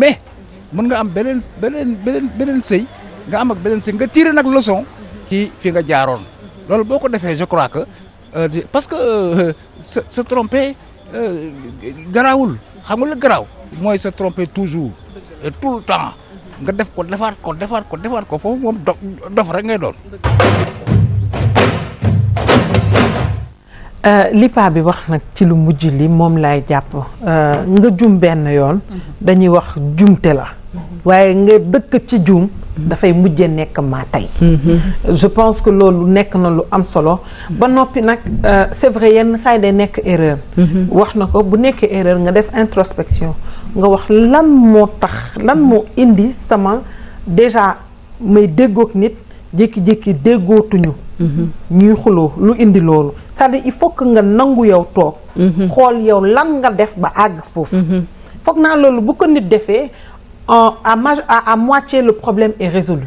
mais mën nga am beneen beneen beneen beneen sey nga am ak beneen sëy nga tiire nag leçon ci fi nga jaaroon loolu boo ko defee je crois que euh, parce que euh, se trompe tromper euh, garaawul xam nga la garaaw mooy se tromper toujours e tout le temps nga def ko defaat ko defaat ko defaat ko foofu moom dof dof rek ngay doon Euh, lippa bi wax nag ci lu mujj li moom laay jàpp euh, nga jum benn yoon mhm. dañuy wax jumte la mhm. waaye nga dëkk ci juum mhm. dafay mujje nekk maa tey je pense que loolu nekk na lu am solo ba noppi nag euh, c'est vrai yenn saa yi day nekk erreur wax na ko bu nekkee erreur nga def introspection nga wax lan moo tax lan moo indi sama déjà may déggoog nit jékki-jékki déggootuñu Mm-hmm. ñuy xuloo lu indi loolu cest à il faut que nga nangu yow toog mm-hmm. xool yow lan nga def ba àgg foofu mm-hmm. foog naa loolu bu ko nit à moitié le problème est résolu.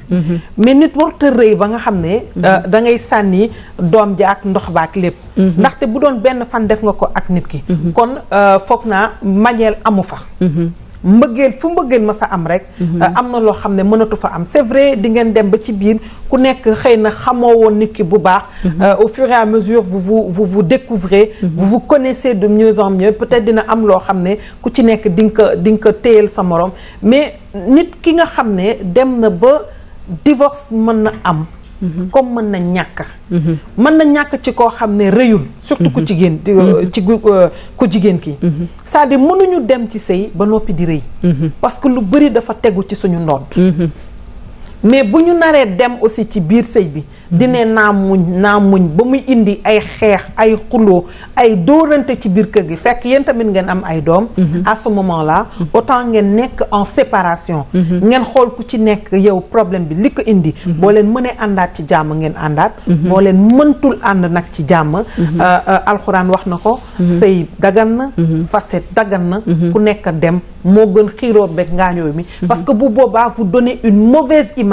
mais nit warut a rëy ba nga xam euh, da ngay ak ndox fan ko kon mbëggeel fu mbëggeel ma sa am rek mhm. euh, amna lo meunatu fa am c'est vrai di ngeen dem ba ci biir ku nek xeyna ki bu baax mhm. euh, au fur et à mesure vous vous vous vous découvrez mhm. vous vous connaissez de mieux en mieux peut-être dina am lo xam ku ci nek teyel sa morom mais nit ki nga xam dem na ba divorce meuna am Mm-hmm. comme mën na ñàkk. Mm-hmm. mën na ñàkk ci koo xam ne rëyul. surtout ku mm-hmm. jigéen euh, ci euh, ku jigéen ki c'est-à-dire mënuñu dem ci sëy ba noppi di rëy. parce que lu bëri dafa tegu ci suñu ndodd. mais buñu naré dem aussi ci biir sëy bi namun. namuñ muñ indi ay xeex ay xuloo ay doranté ci biir kër gi fekk yéen tamit ngeen am ay dom mhm. à ce moment là mhm. autant ngeen nek en séparation mhm. ngeen xol ku ci nekk yow problème bi liko indi Bolen leen andat àndaat ci jamm ngeen andat boo leen mëntul ànd nag ci jàmm euh, euh, alxuraan wax na sey dagan na facette dagan na ku dem mo gën xiro beeg ngaañoo mi parce que bu boba vous donnez une mauvaise image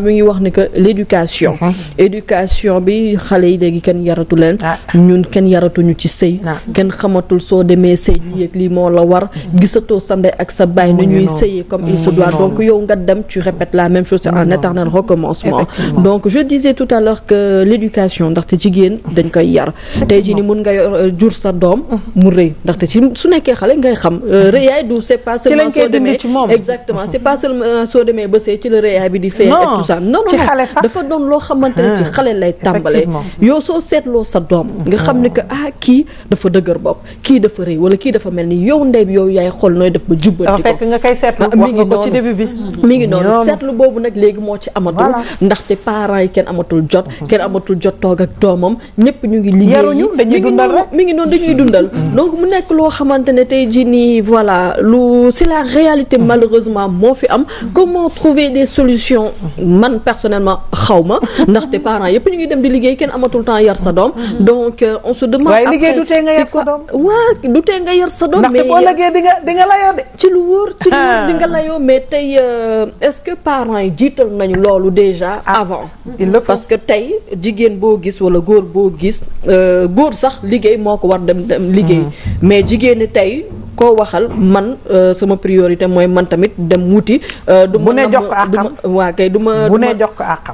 mi wax ni que l'éducation mhm. éducation. bi xalé yi léegi kenn yaratu len ah. ñun ken kenn ñu ci sëy. Ah. ken xamatul soo demee sëy lii ak li mo la war. Mhm. gisatoo sa ndey ak sa bay na ñuy sëyee comme il se doit donc yow nga dem tu répètes la même chose en un éternel recommencement. donc je disais tout à l'heure que l'éducation éducation ndaxte jigéen dañ koy yar. tay jii ni mun nga euh, jur sa dom mhm. mu reuy ndax ci su nekké xalé ngay xam euh, rëyaay du c' est pas seulement soo demee exactement c'est pas seulement euh, so demee ba sëy ci la rëyaay bi di fee douze ans non non dafa doon lo xamanteni ci ah, xale lay tambalé yo so setlo sa dom nga xam ne que ah ki dafa deuguer bop ki dafa reuy wala ki dafa melni yow ndey yow yaay xool nooy def ba jubbanti ko fekk nga koy seetlu ah, wax nga ko ci début bi mi ngi non setlo bobu nak légui mo ci amatul té parents yi kenn amatul jot mhm. kenn amatul jot tok ak doomam ñëpp ñu ngi liggéey ñu dañuy dundal mi ngi non dañuy mhm. dundal mhm. donc mu nekk lo xamanteni tay ji ni voilà lu c'est la réalité malheureusement mo fi am comment trouver des solutions man personnellement xaw ndax ndaxte parents yëpp ñu ngi dem di liggéey kenn amatul temps yar sa doom. Mhm. donc euh, on se demande. waaye liggéey du tee nga yar sa doom waaw du tee nga yar sa doom. mais ndaxte boo liggéey di nga di nga layoo de. ci lu wóor ci lu wóor ah. di nga layoo mais tey euh, est-ce que parents yi jiital nañu loolu déjà ah. avant. parce que tey jigéen boo gis wala góor boo gis euh, góor sax liggéey moo ko war dem dem liggéey mm. mais jigéen tey koo waxal man euh, sama priorité moy man tamit dem wuti. du ma jox ko àqam kay du ma. bu ne jox ko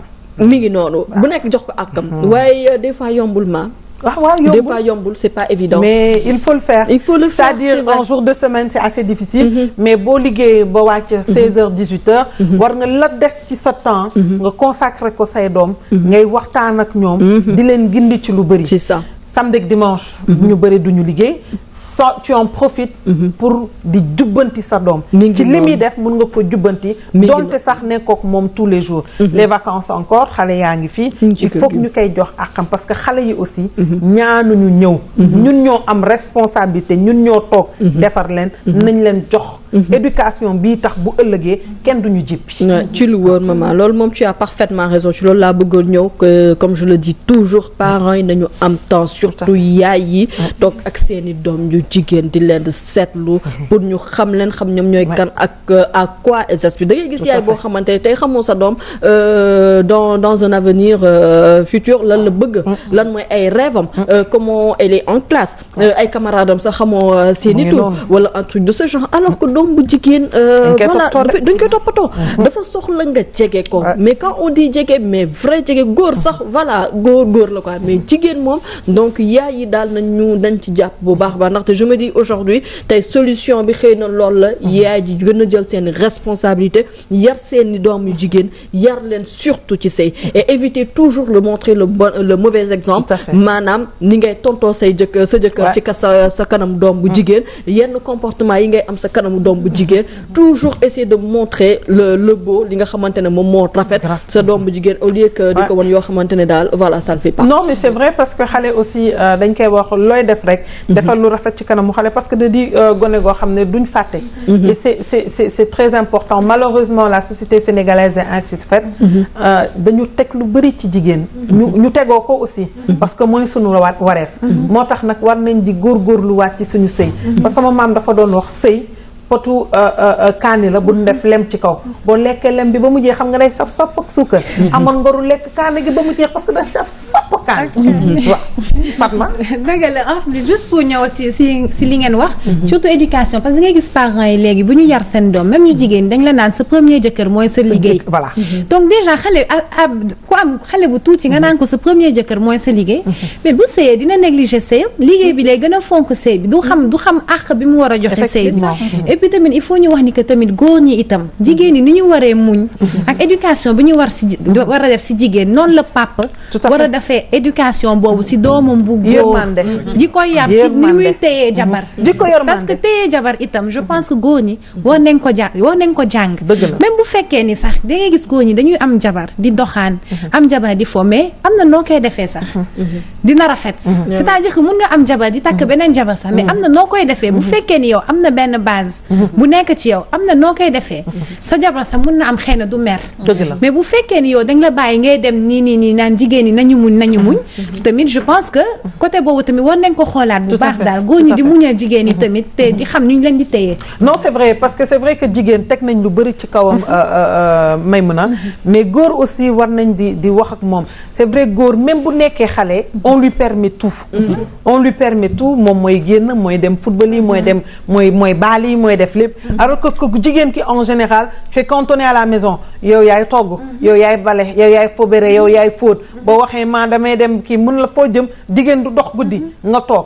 mi ngi nonu bu nek jox ko àqam. Hmm. Euh, des fois yombul ma. Ah, des fois yombul c'est pas évident. mais il faut le faire il faut le faire c'est-à-dire un jour de semaine c'est assez difficile. Mm-hmm. mais boo liggéeyee ba wàcc. 16h mm-hmm. 18h. Mm-hmm. war nga la des ci sa temps. nga consacrer ko say doom. ngay waxtaan ak ñoom. di leen gindi ci lu bëri. c'est ça samedi ak dimanche. ñu bëri duñu liggéey sa tu en profites. Mhm. pour di jubbanti sa dom ci limi def mën nga ko jubbanti. donte sax nekkook mom tous les jours. Mhm. les vacances encore xalé yaa ngi il faut que ñu kay jox akam parce que xalé yi aussi. Mhm. ñu ñew ñun ño am responsabilité ñun ño tok defar leen nañ leen jox. Mhm. éducation bi tax bu ëllëgé kenn duñu jippi ci lu wóor maman loolu moom tu as parfaitement raison ci loolu la bëggoon ñëw que comme je le dis toujours parents yi nañu am temps surtout yaay yi toog ak seeni doom yu jigéen di leen setlu mhm. pour ñu xam leen xam ñom ñoy kan ak euh, à quoi elles aspirent da ngay gis yaay boo xamante ne xamoo sa doom euh, dans dans un avenir euh, futur lan la bëgg lan moy ay rêve am comment elle est en classe ay camarades am sax xamoo seeni tur wala un truc de ce genre alors que donc doom bu euh voilà duñ koy topato mm-hmm. dafa soxla nga jege ko. Ah. mais quand on dit jege mais vrai jege gor mm-hmm. sax voilà gor gor la quoi mm-hmm. mais jigen mom donc yaay dal nañ ñu dañ ci japp bu baax ba nakte je me dis aujourd'hui tay solution bi xeyna lool la. yaay gëna jël sen responsabilité yar sen i doom yu jigéen yar len surtout ci sey et éviter toujours le montrer le bon le mauvais exemple. manam ni ngay tonto sey djëk sa jëkkër. ci ka sa kanam doom bu jigen yenn comportement yi ngay am sa kanam doom toujours essayer de montrer le le beau li nga xamantene ne mo rafet sa jigen au lieu que diko won yo xamantene dal voilà ça ne fait pas non mais c'est vrai parce que xalé aussi euh, dañ koy wax loy def rek mhm. defal lu rafet ci kanamu xalé parce que de di euh, gone go xamné duñ faté mhm. et c'est c'est très important malheureusement la société sénégalaise est ainsi mhm. euh dañu tek lu bari ci jigen ñu ñu tegoo ko aussi parce que mooy suñu wareef moo tax nag war nañ di góorgóorluwaat ci suñu sëy parce que sama maam dafa doon wax sëy potu euh, euh, euh, kaani la bu ñu def lem ci kaw boo lekkee lem bi ba mu jeex xam nga day saf saf ak suukar amoon ngoru lekk kaani gi ba mu jeex parce que day saf saf ak kaani waaw Fatma dëgg la ñëw si si si li ngeen wax mhm. surtout éducation parce que ngay gis parents yi léegi bu ñu yar seen doom même ñu jigéen dañ la naan sa premier jëkkër mooy sa liggéey voilà mhm. Mhm. donc déjà xale ab ku am xale bu tuuti nga naan ko sa premier jëkkër mooy sa liggéey mais bu sëyee dina négliger sëyam liggéey bi lay gën a fonk sëy bi du xam du xam àq bi mu war a joxe sëy bi et puis tamit il faut ñu wax ni que tamit goor ñi itam jigéen ni ñu waré muñ mhm. ak éducation bi ñu war si mhm. wara def si jigéen non la papa wara a éducation bobu si doomam bu goor jiko yar ci ni muy téyee jabar mhm. parce que téyee jabar itam je pense que goor ñi won nañ ko ja won nañ ko jang même bu féké ni sax da ngay gis goor ñi dañuy am jabar di doxaan am jabar di fo mais am na koy defee sax dina rafet c'est-à-dire que mun nga am jabar di tak benen jabar sax mais amna na noo koy defee bu féké ni yow amna benn base bu nekk ci yow am na noo koy defee sa jabar sa mun na am xëy na du mer mais bu fekkee ni yow da nga la bàyyi ngay dem nii nii nii naan jigéen ñi nañu muñ nañu muñ tamit je pense que côté boobu tamit war nañ ko xoolaat bu baax daal góor ñi di muñal jigéen ñi tamit te di xam ñu leen di téyee non c'est vrai parce que c'est vrai que jigéen teg nañ lu bëri ci kawam may euh, euh, euh, Maymuna mais góor aussi war nañ di di wax ak moom c'est vrai góor même bu nekkee xale on lui permet tout mhm. on lui permet tout moom mooy génn mooy dem football yi mooy dem mooy mooy baal yi mooy yaay alors que ku jigéen qui en général fait cantonner cantonné à la maison yow yaay togg yow yaay bale yow yaay fobéré yow yaay fóot boo waxee maa damay dem kii mën la foo jëm du dox guddi nga toog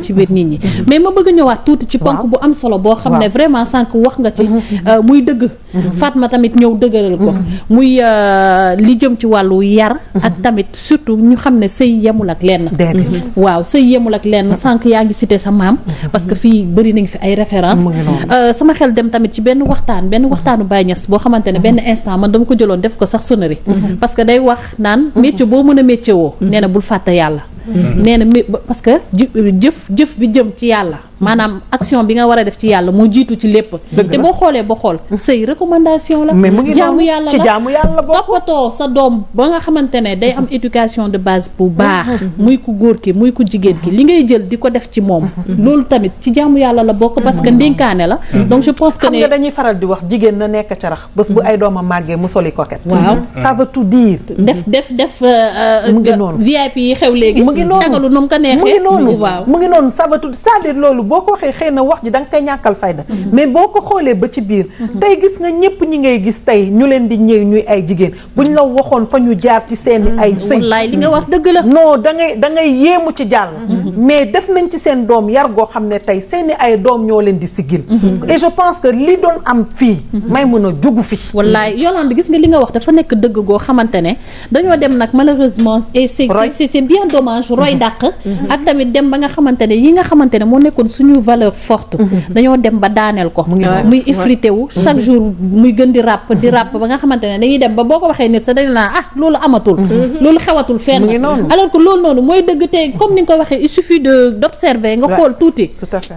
dugal ci biir nit ñi mais ma bëgg ñëwaat tuuti ci ponk bu am solo boo xam ne vraiment sànq wax nga ci mhm. euh, muy dëgg mhm. Fatma tamit ñëw dëgëral ko mhm. muy euh, li jëm ci yar ak tamit surtout ñu ne sëy yemul ak lenn waaw sëy yemul ak lenn sànq yaa ngi cité sa maam parce que nañ fi ay référence euh, sama xel dem tamit ci benn waxtaan benn waxtaanu Baye Niass boo xamante ne benn instant man dama ko jëloon def ko sax sonnerie parce que day wax naan métier boo mën a métier bul fàtte Mm-hmm. nee na parce que jëf jëf bi jëm ci yàlla maanaam action bi nga war a def ci yàlla moo jiitu ci lépp te boo xoolee ba xool say recommandation la jaamu yàlla la jaamu yàlla toppatoo sa doom ba nga xamante ne day am éducation de base bu baax mm-hmm. Mm-hmm. muy ku góor ki muy ku jigéen ki li ngay jël di ko def ci moom loolu tamit ci jaamu yàlla la bokk parce que ndénkaane la donc je pense que ne xam dañuy faral di wax jigéen na nekk ca rax bés bu ay doomam màggee mu soli coquette waaw ça veut tout dire def def def euh, euh, VIP yi xew léegi mu ngi noonu mu ngi tout cest loolu boo ko waxee xëy na wax ji da nga koy ñàkkal fayda mm-hmm. mais boo ko xoolee ba ci biir mm-hmm. tey gis nga ñëpp ñi ngay gis tey ñu leen di ñëw ñuy ay jigéen bu buñ la waxoon fa ñu jaar ci seen mm-hmm. ay sëy wallaay li nga wax dëgg la non da ngay da ngay yéemu ci jàll mais def nañ ci seen doom yar goo xam ne tey seeni ay doom ñoo leen di siggil et je pense que li doon am fii may mën a jugu fi wallaay Yolande gis nga li nga wax dafa nekk dëgg goo xamante ne dañoo dem nag malheureusement orange roy dàq ak tamit dem ba nga xamante ne yi nga xamante ne moo nekkoon suñu valeur forte dañoo dem ba daaneel ko muy effrité wu chaque mm-hmm. jour muy gën di ràpp di mm-hmm. ràpp ba nga xamante ne dañuy dem ba boo ko waxee nit sax dañu naan ah loolu amatul mm-hmm. loolu xewatul fenn alors que loolu noonu mooy dëgg te comme ni nga ko waxee il suffit de d'observer nga xool tuuti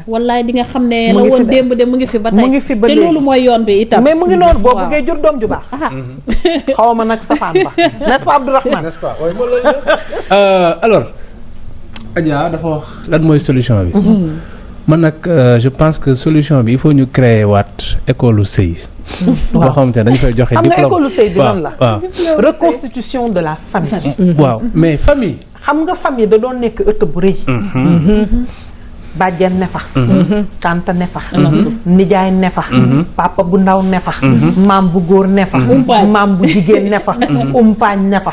wallaay di nga xam ne la woon démb de mu ngi fi ba tey te loolu mooy yoon bi itam mais mu ngi noonu boo Adja dafa wax lan mooy solution bi. Mhm. man euh, je pense que solution bi il faut nous créer waat école lu sëy. waaw mhm. boo xamante ne dañu fay joxe. diplôme am na école lu sëy bi la. reconstitution de la famille. waaw mais famille. xam nga famille da doon nekk ëtt bu rëy. Mhm. bàjjen ne fa mhm. tante ne fa mhm. Mhm. nijaay ne fa papa bu ndaw ne fa maam bu góor ne fa maam bu jigéen ne fa umpaañ ne fa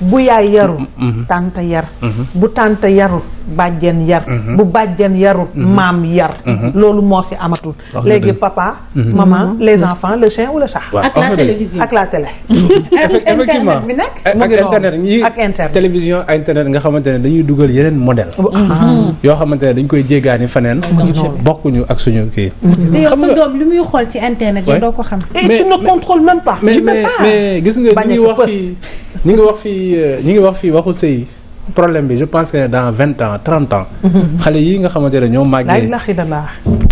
bu yaay yarul tante yar bu tante yaru bàjjen yar bu bàjjen yaru maam yar loolu moo fi amatul léegi papa maman les enfants le chien ou le chat la télévision ak la télé effectivement bi nag ak internet ñi ak internet nga xamante ne dañuy dugal yeneen modèle ah. yoo xamante ne dañ koy jéggaani feneen. bokkuñu ak suñu ki mm-hmm. xam nga doom limuy xol ci internet yi do ko xam. mais tu ne contrôles même pas. tu peux pas mais gis nga ñi wax fi ñi ngi wax fi euh, ñi ngi wax fi waxu sëy problème bi je pense que dans 20 ans 30 ans. Mm-hmm. xalé yi nga xamante ne ñoo màggee.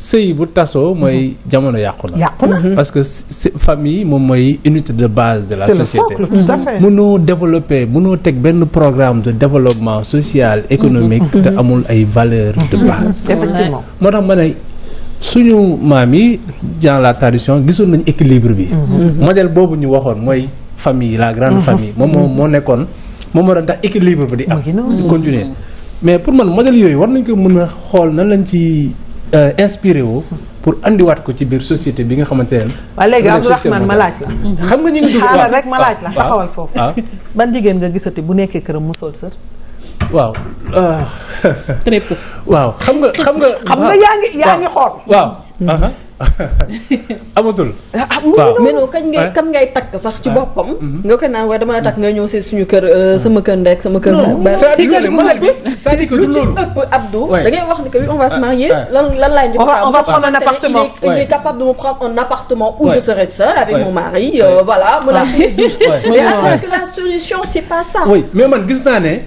sëy bu tasso moy mhm. jamono yakuna mhm. parce que famille mom moy unité de base de la société. c'est le socle tout à mhm. fait. développer mënoo tek ben programme de développement social économique. te amul ay valeurs de base. effectivement motax tax ma suñu mami dans la tradition gisoon nañu équilibre bi. model bobu ñu waxone moy famille la grande famille. mom mo moo mom moom moo équilibre bi di continuer mais pour man model yoy war nañ ko mëna xol nan lañ ci. Euh, inspiré woo pour andiwaat ko ci biir société bi nga xamante ne. waa léegi Abdourahmane ma laaj la. xam nga ñu ngi dugg rek ma laaj la ah, taxawal ah. foofu. ban jigéen nga gisati bu nekkee këram mu sol sër. waaw. waaw xam nga xam nga. xam nga yaa ngi yaa ngi xool. waaw. Mm-hmm. amatul. mais non kan, ngay kan ngay tak sax ci bopam mhm. nga ko naan way dama la tak nga ñëw ci suñu kër euh, sama kër ndek sama kër. non c'est-à-dire c'est-à-dire que lu lolu Abdou. da ngay wax ni que oui on va se marier. lan lan lay njëkk a on va prendre un appartement il est capable de me prendre un appartement où je serai seule avec mon mari euh, voilà. mu la mais que la solution c'est pas ça. oui mais man gis na. né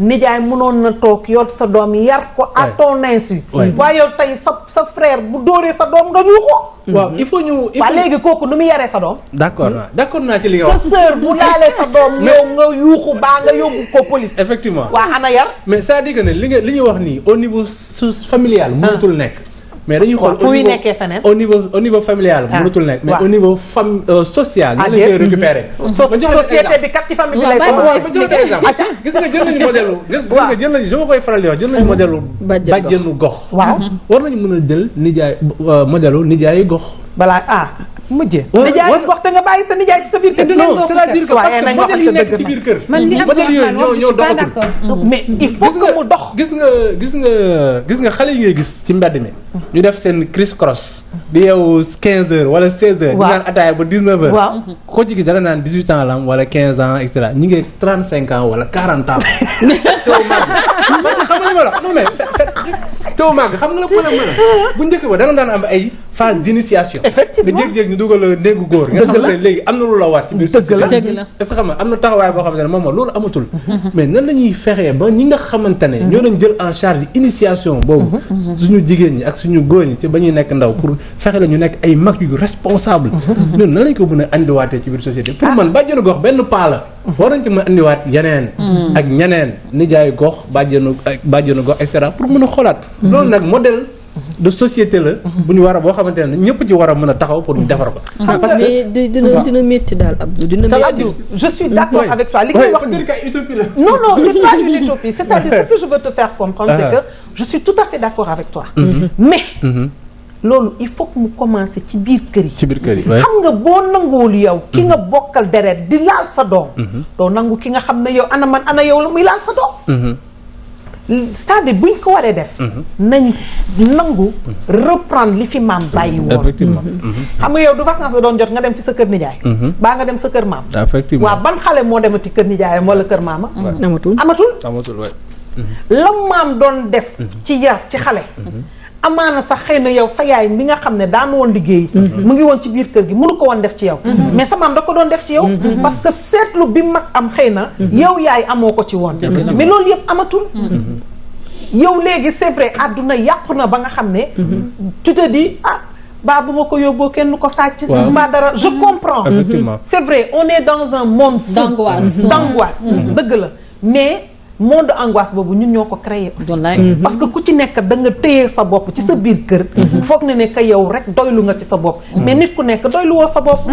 nijaay munoon na toog yor sa doom yar ko à ton insu waaye yow tey sa sa frère bu dóoree sa doom nga yuuxu mm-hmm. waaw il faut ñu waaw léegi kooku nu mu yaree sa doom d'accord hmm? d'accord naa ci li nga wax sa sœur bu laalee sa doom yow nga yuuxu baa nga yóbbu ko police effectivement waa ana yar mais c'est-à-dire que li nga li ñuy wax nii au niveau familial ah. mënatul nekk mais dañuy xool fu au niveau au niveau familial. Ah, mënatul nekk mais au niveau fam euh, social. ñu ah, ngi koy récupérer. Mm-hmm. bi kat ci famille bi lay commencé gis nga jël nañu modèle gis nga jël nañu je ma koy faral di jël nañu modèle bàjjenu gox. waaw war nañu mën a jël nijaay euh, modèle nijaayu gox. balaa ah mujjee. Oh, oh, nijaay waxta nga bàyyi sa nijaay ci sa biir kër. non c'est-à-dire que parce que modèle yi nekk ci biir kër. man li am ñoo ñoo doxatul. Mm. mais il faut mu dox. gis nga gis nga gis nga xale yi ngay gis ci mbedd mi. ñu def seen criss cross. di yow 15 heures wala 16 heures. waaw di ataaya ba 19 heures. waaw koo ci gis da nga naan 18 ans la am wala 15 ans et cetera ñu ngi 35 ans wala 40 ans. parce que xam nga li ma la non mais. taw màgg xam nga la mën a mën a bu njëkk ba d' initiation. effectivement nga jéeg-jéeg ñu dugal la néegu léegi am na lu la war ci biir. dëgg la dëgg na taxawaay fexee ba ñi nga xamante ne. ñoo doon jël en charge initiation boobu. Mhm. suñu jigéen ñi ak suñu góor ñi ci ba ñuy nekk ndaw pour fexe la ñu nekk ay mag yu responsable. Mhm. ñun na lañ ko mën a andiwaatee ci biir société pour ah. man bàjjenu gox benn paa la. Mhm. war nañ ci mën andiwaat yeneen. ak ñeneen nijaayu gox bàjjenu bàjjenu gox et cetera pour mën a xoolaat Mm-hmm. loolu nak model de société le mm-hmm. bu ñu war a boo xamante ci wara mëna taxaw pour ñu defar ko. Mm-hmm. Ah, parce que dina dina metti dal Abdou dina métti. je suis d'accord avec toi li ngay wax dire que utopie la. non non c'est pas une utopie c'est-à-dire ce que je veux te faire comprendre c'est ah. que je suis tout à fait d'accord avec toi. mais. loolu il faut que mu commencé ci biir kër yi. ci biir kër yi xam nga bo nanguwul yow. ki nga bokal deret di laal sa doom. doo nangou ki nga xam yow ana man ana yow la muy laal sa doom. cest buñ ko waree def. Mhm. nañ nangu reprendre li fi maam bàyyi woon. effectivement. Mhm. Mhm. xam nga yow du vacances la doon jot nga dem ci sa kër nijaay. baa nga dem sa kër maam. effectivement waaw ban xale moo demati kër nijaayam wala kër maama. amatul amatul. amatul waay. la maam doon def. ci yar ci xale. amana sax xeyna na yow sa yaay mi nga xam da daan won liggéey mhm. mu ngi won ci biir kër gi ko won def ci yow mhm. mais sa m'a da ko doon def ci yow mhm. parce que setlu bi mak am xeyna yow yaay amoko ci won mais lool yëpp amatul yow léegi c'est vrai aduna yakuna ba nga xam tu te dis ah baa bu ma ko yóbboo kenn ko dara je comprends c'est vrai on est dans un monde d'angoisse d'angoisse dëgg la mais monde angoisse boobu ñun ñoo ko créé aussi mm-hmm. Mm-hmm. parce que ku ci nekk da nga téye sa bopp ci sa biir kër mm-hmm. foog ne ne que yow rek doylu nga ci sa bopp mais nit ku nekk doylu woo sa bopp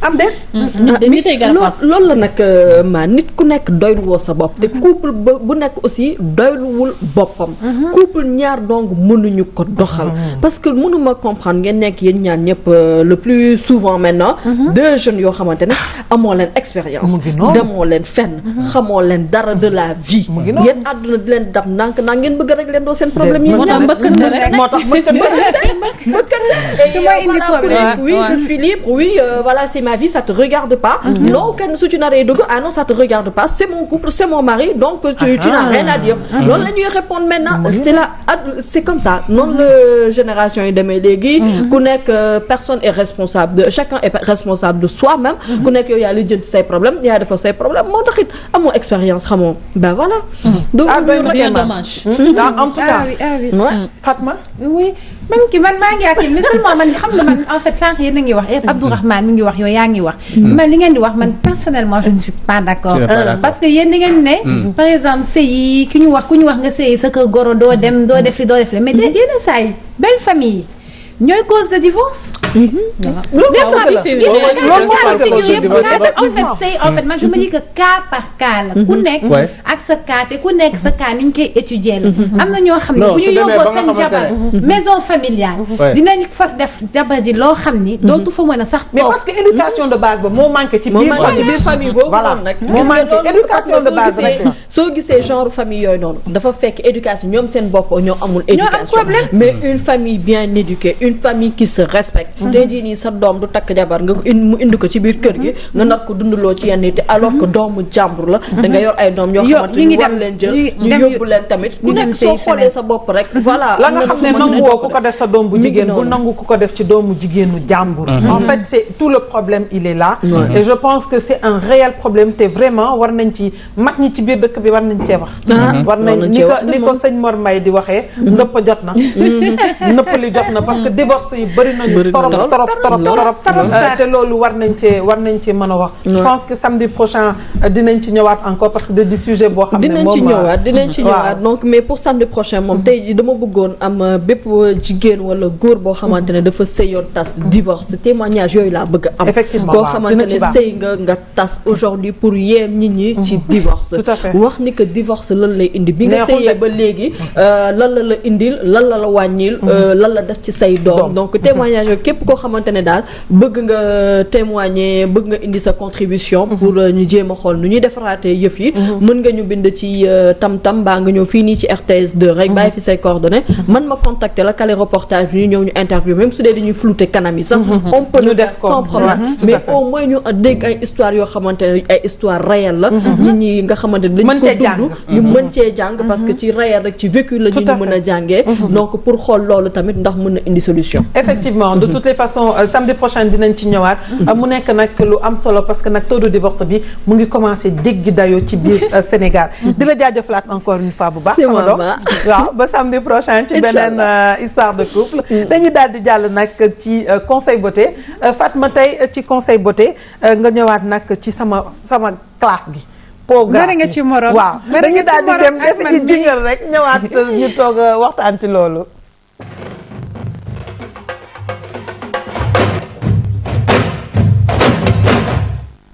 am de ah, loolu la nag euh, ma nit ku nekk doylu woo sa bopp te couple bu nekk aussi doyluwul boppam couple ñaar donc mënuñu ko doxal parce que mënuma comprendre ngeen nekk yéen ñaan ñëpp euh, le plus souvent maintenant deux jeunes yoo xamante ne amoo leen expérience demoo leen fenn xamoo leen dara de la vie mu ngi noonu yéen àdduna di leen dab ndànk naa ngeen bëgg rek len do sen problème yi motax tax mbëkkan motax rek moo tax indi euh, problème oui je suis libre oui euh, voilà c'est ma vie ça te regarde pas mhm. non kenn su ci naree dugg ah non ça te regarde pas c'est mon couple c'est mon mari donc euh, tu ah, n'as ah. rien à dire non ah, la ñuy répondre maintenant c'est là c'est comme ça non le génération yi demee légui mhm. ku nekk personne est responsable de chacun est responsable de soi-même mhm. ku nekk yow yaa lijjanti say problème yaa defar say problème moo taxit amoo expérience xamoo ba ben Voilà. Donc, ah ben, quel dommage. En tout cas, ah oui, ah oui. Fatma Oui. man ki man maa ngi àggil mais seulement man xam nga man en fait sànq yéen a ngi wax Abdou Rahman mi ngi wax yow yaa ngi wax. man li ngeen di wax man personnellement je ne suis pas d' accord. parce que yéen di ngeen ne. par exemple sëy yi ki ñu wax ku ñu wax nga sëy sa kër goro doo dem doo def li doo def li mais yéen a saa yi belle famille. ñoy cause de divorce. Mhm. loolu gis en fait c'est en fait man je me dis que cas par cas la. ku mhm. nekk ak sa cas te ku nek sa cas ni ñu koy étudier la. Mhm. am na ñoo xam ne bu ñu yóbboo seen jabar maison familiale. dinañ fa def jabar ji lo xam ni. dootu fa mëna sax mais parce que éducation de base ba mo manqué ci biir ci biir famille boobu noonu nag. moo manqué éducation de base rek la soo genre famille yoy non dafa fekk éducation ñom sen bop ñoo amul. éducation mais une famille bien éduquée une famille qui se respecte tey di ni sa dom du tak jabar nga mu indi ko ci biir kër gi mm-hmm. nga nak ko dundaloo ci yenn te alors que mm-hmm. doomu jambour la mm-hmm. da nga yor ay doom yoo xamante ni war leen jël ñu yobul leen tamit ku nek so xoolee sa bop rek voilà la nga xam ne nanguwoo ku ko def sa dom bu jigéen bu nangu ku ko def ci doomu jigéenu jambour en fait c'est tout le problème il est là et je pense que c'est un réel problème té vraiment war nañ ci mag ñi ci biir dekk bi war nañ ci wax ah, war nañ ni ko seigne ko sëñ Mor Mbaye di waxee ndëpp jotna na li jotna parce que divorce yi bari nañu torop torop torop trop euh, te lolu war nañ ci war nañ ci mëna wax je pense que samedi prochain euh, dinañ ci ñëwaat encore parce que da di sujet boo xam dinañ ci euh, ñëwaat dinañ ci ñëwaat donc mais pour samedi prochain mom mm-hmm. tay ji dama bëggoon am bép jigéen wala goor bo xamantene mm-hmm. dafa sëyoon tas divorce témoignage yooyu laa bëgg am koo xamante ne sëy nga nga tas aujourd'hui pour yeem nit ñi ci mm-hmm. divorce wax ni que divorce lan lay indi bi nga sëyee ba léegi lan la la indil lan la la wàññil lan la def ci say doom donc témoignage yooyu képp koo xamante ne bëgg nga témoigner bëgg nga indi sa contribution mhm. pour euh, ñu jéem xol ñuy defaraatee yëf yi mhm. mën nga ñu bind ci euh, tam-tam baa nga ñëw fii nii ci RTS 2 rek mhm. bay fi say coordonnées man ma contacter la kale reportage bi ñu ñëw ñu interview même su dee dañuy flouter kanam yi sax on peut le faire sans problème mais au moins ñu euh, dégg ay histoire yo xamantene ay histoire réelle la nit ñi nga xamantene dañ ko dund ñu mën ci jang parce que ci réel rek ci vécu la ñu mëna jangé donc pour xol loolu tamit ndax mëna na indi effectivement de toutes les façons euh, samedi prochain ci ñëwaat. Mm-hmm. Euh, solo parce que de divorce bi mu commencé ci euh, Sénégal. De mm-hmm. de encore une fois bu samedi prochain. ci histoire de couple. Mm. dañuy conseil beauté Fatma conseil beauté classe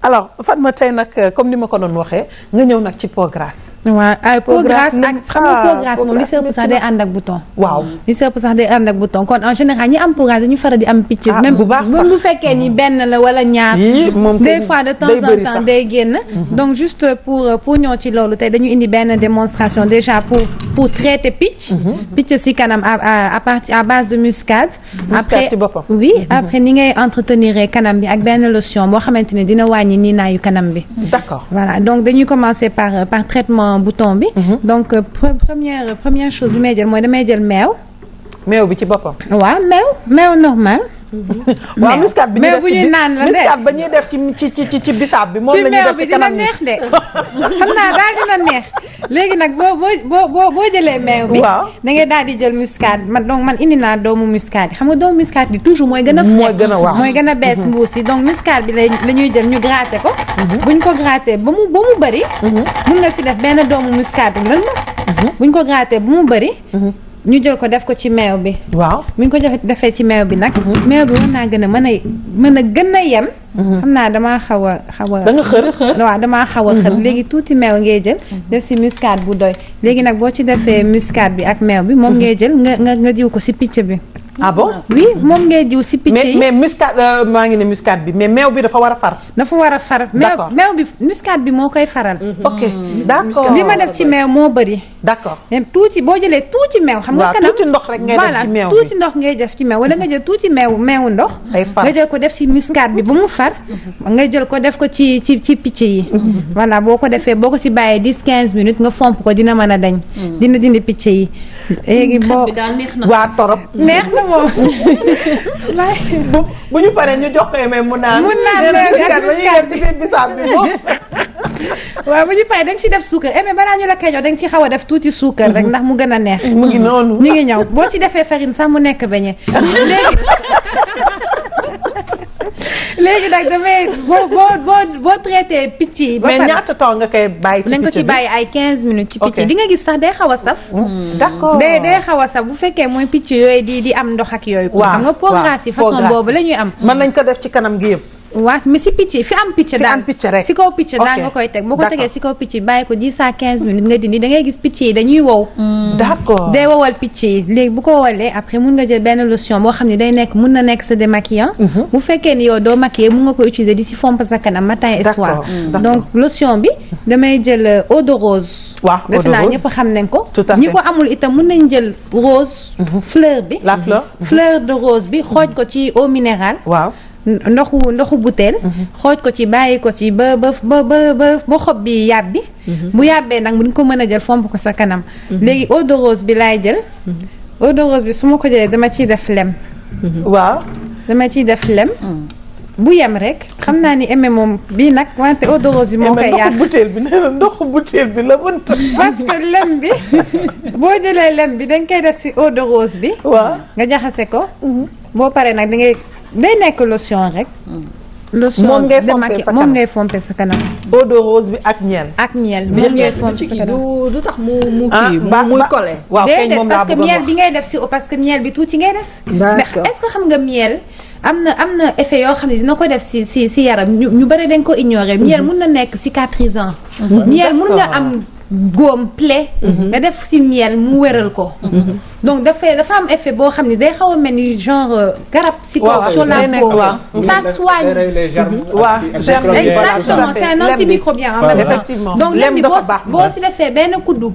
alors Fatma tey nag euh, comme ni ma ko doon waxee nga ñëw nag ci peau grasse. waaw euh, ay peau grasse ak xam nga peau grasse moom li si ëpp sax day ànd ak bouton. waaw li si ëpp sax day ànd ak bouton kon en général ñi am peau grasse dañu faral di am picc. Ah, même bu baax sax bu fekkee ni benn la wala ñaar. des fois de temps en temps day génn. Mhm. donc juste pour euh, pour ñëw ci loolu tey dañu indi benn démonstration déjà pour pour traiter Pitch picc si mhm. kanam à à partir à base de muscade. muscade ci boppam après oui mhm. après ni ngay entretenir kanam bi ak benn lotion boo xamante ne dina wàññi ni nii kanam bi. d'accord voilà donc nous commencer par euh, par traitement bouton bi. Mhm. donc euh, première première chose bi may jël mooy damay jël mew mew bi ci bopam wa mew mew normal. waaw miskat bi ñuy def mais bu ñuy naan la de miskat ba ñuy def ci ci ci ci bisaab bi. moom la ñuy def ci kanam bi ci meew bi dina neex de xam naa daal dina neex léegi nag boo boo boo boo jëlee meew bi. waaw da ngay daal di jël muscade man donc man indi naa doomu muscade xam nga doomu muscade bi toujours mooy gën a. mooy a waaw mooy gën a bees mhm. mbuus yi donc muscade bi la ñuy jël ñu gratter ko. Mhm. bu ñu ko gratter ba mu ba mu bëri. Mhm. mun nga si def benn doomu muscade lan la. bu ñu ko gratter bu mu bëri. ñu jël ko def ko ci meew bi. waaw bu ñu ko defee ci meew bi nag. Mhm. meew bi war naa gën a mën a mën a gën a yem. Mhm. xam naa damaa xaw a xaw a. da nga xër xër waaw damaa xaw a xër. Mhm. léegi tuuti meew ngay jël. def si muscade bu doy léegi nag boo ci defee muscade bi ak meew bi moom ngay jël nga nga nga jiw ko si picc bi. ah bon oui moom ngay jiw si picc yi mais mais euh, maa ngi ne muscade bi mais meew bi dafa war a far. dafa war a far. d'accord meew meew bi muscade bi moo koy faral. Mhm. ok d'accord li ma def ci meew moo bëri. d'accord même tuuti boo jëlee tuuti meew. xam nga kanam tuuti ndox rek ngay def ci meew tuuti ndox ngay def ci meew wala nga jël tuuti meew meewu ndox. day far nga jël ko def si muscade bi ba mu far. Mhm. nga jël ko def ko ci ci ci picc yi. Mhm. voilà boo ko defee boo ko si bàyyee dix quinze minutes nga fomp ko dina mën a dañ. dina dindi picc yi. léegi boo xet bi moom. bu bu ñu paree ñu jox ko mais mun naan. mun naan ak bisaab bi moom. waaw bu ñu paree da nga si def suukar mais balaa ñu la koy jox da nga si xaw a def tuuti suukar rek ndax mu gën a neex. mu ngi noonu ñu ngi ñëw boo ci defee farine sax mu nekk beñe léegi nag damay boo boo boo boo traité picc yi. ba pare mais ñaata temps nga koy bàyyi. ci picc bi nañ ko ci bàyyi ay 15 minutes. ci picc yi di nga gis sax day xaw a saf. Mm. d'accord day day xaw a saf bu fekkee mooy picc yooyu di di am ndox ak yooyu. waaw xam nga pogras yi façon boobu la ñuy am. mën nañ ko def ci kanam gi yëpp. waas mais si picc fi am picc daan si kaw picc nga koy teg boo ko tegee si kaw ko à minutes nga da ngay gis picc dañuy mm. d'accord day wowal picc yi bu ko après nga jël lotion boo xam day na nekk sa démaquillant mhm. bu fekkee ni yow doo utiliser di si fomp matin et soir mm. donc lotion bi damay jël euh, eau de rose wa defe rose ñëpp xam ko amul itam rose mhm. fleur bi la fleur fleur de rose bi mhm. xooj ko ci eau minérale ndoxu ndoxu butéel. Mhm. xooj ko ci bàyyi ko ci ba ba ba ba ba xob bi yàbbi. Mhm. bu yàbbee nag buñ ko mën a jël fomp ko sa kanam. Mhm. léegi eau de rose bi laay jël. eau de rose bi su ma ko jëlee dama ciy def lem. waaw dama ciy def lem. bu yem rek xam naa ni moom bii nag wante eau bi moo koy yàq ndoxu bi nee na ndoxu butéel boo jëlee lem bi dañ koy def si eau de rose bi. waaw nga jaxase ko. boo pare nag dangay day nekk lotion rek. Mm. lotion moom ngay fompe sa kanam moom ngay fompe sa kanam. eau de rose bi ak miel. ak miel moom ngay fompe sa kanam du tax mu mu ah, kii muy collé. waaw kañ wax déedéet parce que miel bi ngay def si o parce que miel bi tuuti ngay def. d'accord mais que xam nga miel. am na am na effet yoo xam ne dina ko def si si si yaram ñu ñu bëri dañ ko ignorer. miel mhm. mun na nekk cicatrisant. Mhm. miel mun nga am. góom mhm. nga def ci miel mu wéral ko mhm. donc dafa dafa am effet bo xamni day xaw melni genre ni genre euh, garab si kaw solanko ça soigne mhm. exactement c'est un antimicrobien en hein, même donc lem bo bo boo si defee benn kuddu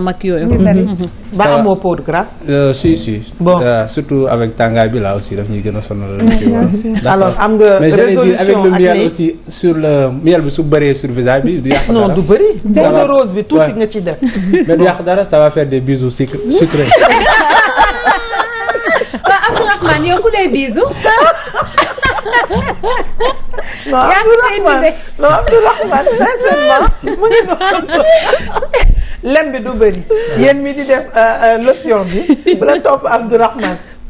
maquillage mhm. pour grâce. Euh, si si. bon euh, surtout avec tanga aussi alors mais avec le miel aussi sur le miel bi sur visage non du ça va rose tout mais ça va faire des bisous sucrés. bisous. lem bi du bëri yéen mi di def euh, euh, lotion bi bu la topp Abdourahmane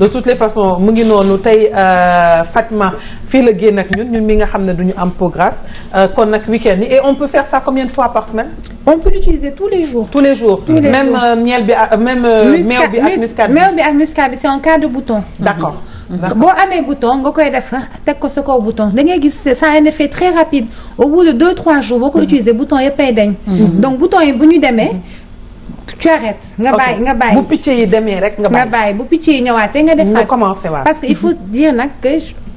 de toutes les façons mu ngi noonu tey euh, Fatma fi la génn ak ñun ñun mi nga xam duñu am peau grasse euh, kon nak weekend et on peut faire ça combien de fois par semaine. on peut l'utiliser tous les jours. tous les jours tous les même euh, miel bi même. miel bi ak muscade bi bi ak muscade c'est en cas de bouton. d'accord. Mhm. Bo amé bouton nga koy def tek ko sa bouton da ngay gis ça a un effet très rapide au bout de 2-3 jours vous pouvez mhm. utiliser bouton yëppay dañ. Mhm. donc bouton yi venu ñu tu nga bàyyi nga bàyyi bu picc yi demee rek nga bàyyi bu picc yi ñëwaatee nga defaat nga commencé waat parce que il faut dire nag que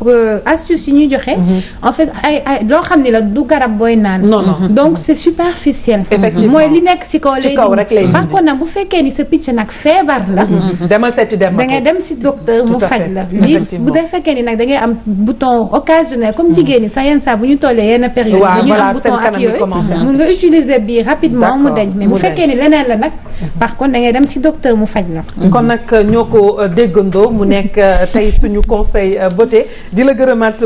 Euh, astuce yi ñuy joxe. Mhm. en fait ay ay loo xam la du garab booy naan. Mhm. donc c'est superficiel. Mhm. effectivement mooy li nekk si kaw lay. kaw rek lay par contre nag bu féké ni ce pitch nak feebar la. demal seeti dem da ngay dem ci docteur mu faj la. li bu dee féké ni nak da ngay am bouton occasionnel comme jigéen ñi sax yenn bu ñu tollé yenn période. ñu voilà seen kanam yi commencé am bouton ak yooyu mun nga utiliser bii rapidement mu dañ. mais bu féké ni leneen la nak par contre da ngay dem ci docteur mu faj la. kon nak ñoko ko mu nek euh, tay suñu conseil euh, beauté di le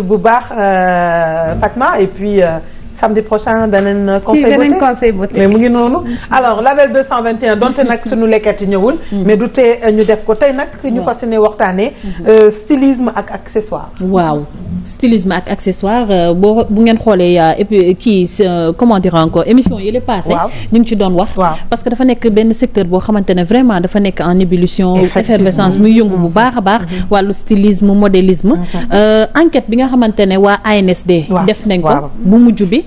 bu baax euh, Fatma et puis. Euh, samedi prochain beneen. Euh, conseil beauté si conseil beauté mais mu ngi noonu. Mm-hmm. alors label 221 donte nak suñu lekkat ñewul mm-hmm. mais du tee euh, ñu def ko tay nak ñu fas waxtané mm-hmm. euh, stylisme ak accessoire. waaw stylisme ak accessoire bu ngeen ya et puis qui comment dire encore émission yi la passé. ñu ci doon wax. parce que dafa nek ben secteur bo xamante vraiment dafa nek en ébullition. effervescence muy yëngu bu baaxa baax. walu stylisme modélisme. enquête bi nga xamante wa waa def nañ ko bu mujju bi.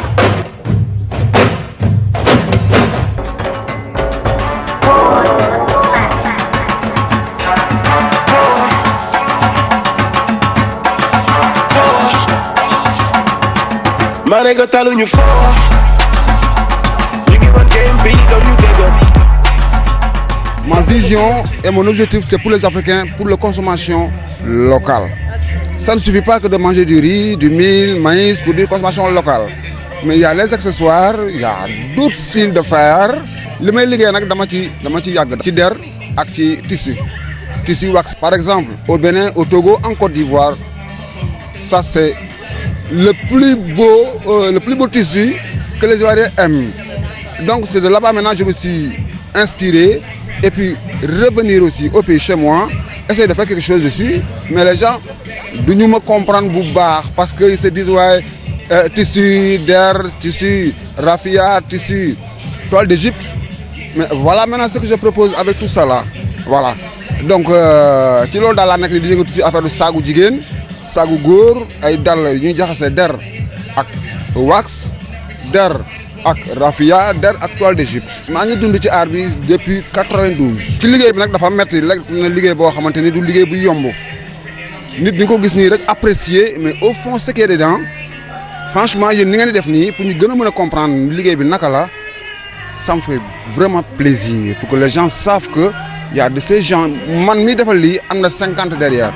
Ma vision et mon objectif, c'est pour les Africains, pour la consommation locale. Ça ne suffit pas que de manger du riz, du mil, maïs pour des consommation locale. Mais il y a les accessoires, il y a d'autres styles de faire. Le meilleur dama tissu. Tissu wax par exemple au Bénin, au Togo, en Côte d'Ivoire. Ça c'est le plus beau, euh, le plus beau tissu que les Ivoiriens aiment. Donc c'est de là-bas maintenant que je me suis inspiré et puis revenir aussi au pays chez moi, essayer de faire quelque chose dessus. Mais les gens, de nous me comprendre pas parce qu'ils se disent ouais, euh, tissu d'air, tissu raffia, tissu toile d'Égypte. Mais voilà maintenant ce que je propose avec tout ça là. Voilà. Donc, tu l'as dans la nec, tu faire de sagou sagu Gour, ay dàll yu jaxase der ak wax der ak raffia der ak toile d'Égypte. ma ngi dund ci art bi depuis 92. ci liguey bi nak dafa metti lekk na liggéey boo xamante du liguey bu yomb nit ñi ko gis rek apprécier mais au fond ce qui est dedans franchement yéen ni ngeen def ni pour ñu gëna mëna comprendre liguey bi naka la ça me fait vraiment plaisir pour que les gens savent que il y a de ces gens man mi defal li amna 50 derrière.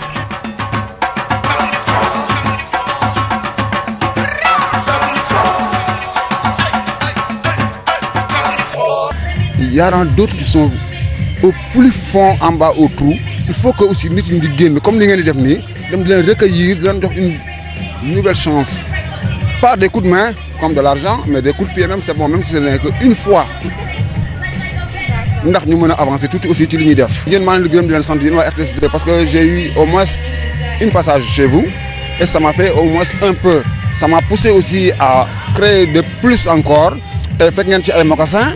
il y en a d'autres qui sont au plus fond en bas au trou il faut que aussi nous ñi comme nous l'avons di def les recueillir de leur donner une nouvelle chance pas des coups de main comme de l'argent mais des coups de pied même c'est bon même si ce n'est qu'une une fois nous ñu avancé Tout avancer aussi ci li def parce que j'ai eu au moins une passage chez vous et ça m'a fait au moins un peu ça m'a poussé aussi à créer de plus encore et nous ngeen ci magasin.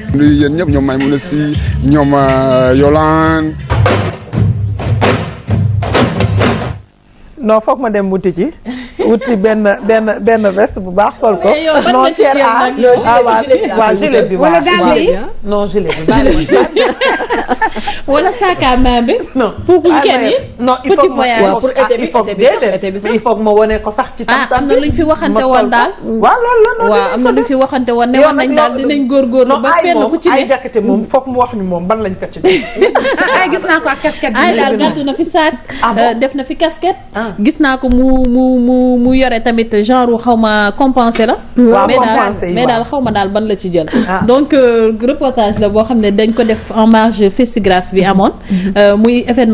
nuyu yéen ñëpp ñoom Maïmouna Sy ñoom euh, Yolande. non foog ma dem wuti ci wuti benn benn benn veste bu baax sol ko. Eh, non ceeb ah waaw waaw gilet bi waaw non gilet bi. ولا ساكا مامي نو بوغ كاني نو اي فوغ بور اي تي فوغ ديلي اي فوغ ما وني كو صاح تي تام تام امنا لين في وخانتي وون دال وا لا لا وا امنا لين في وخانتي وون ني وون نان دال دي نين غور غور با بين كو تي ني اي داكتي موم فوغ مو واخني موم بان لاني كاتشي اي غيسنا كو كاسكيت اي دال غاتو في ساك ديفنا في كاسكيت غيسنا كو مو مو مو مو يوري تاميت جانر خاوما كومبانسي لا مي دال مي دال خاوما دال بان لا تي جيل دونك ريبورتاج لا بو خامني دنج كو ديف ان مارج فيسي disgraphe bi mhm. amoon. Mhm. Euh,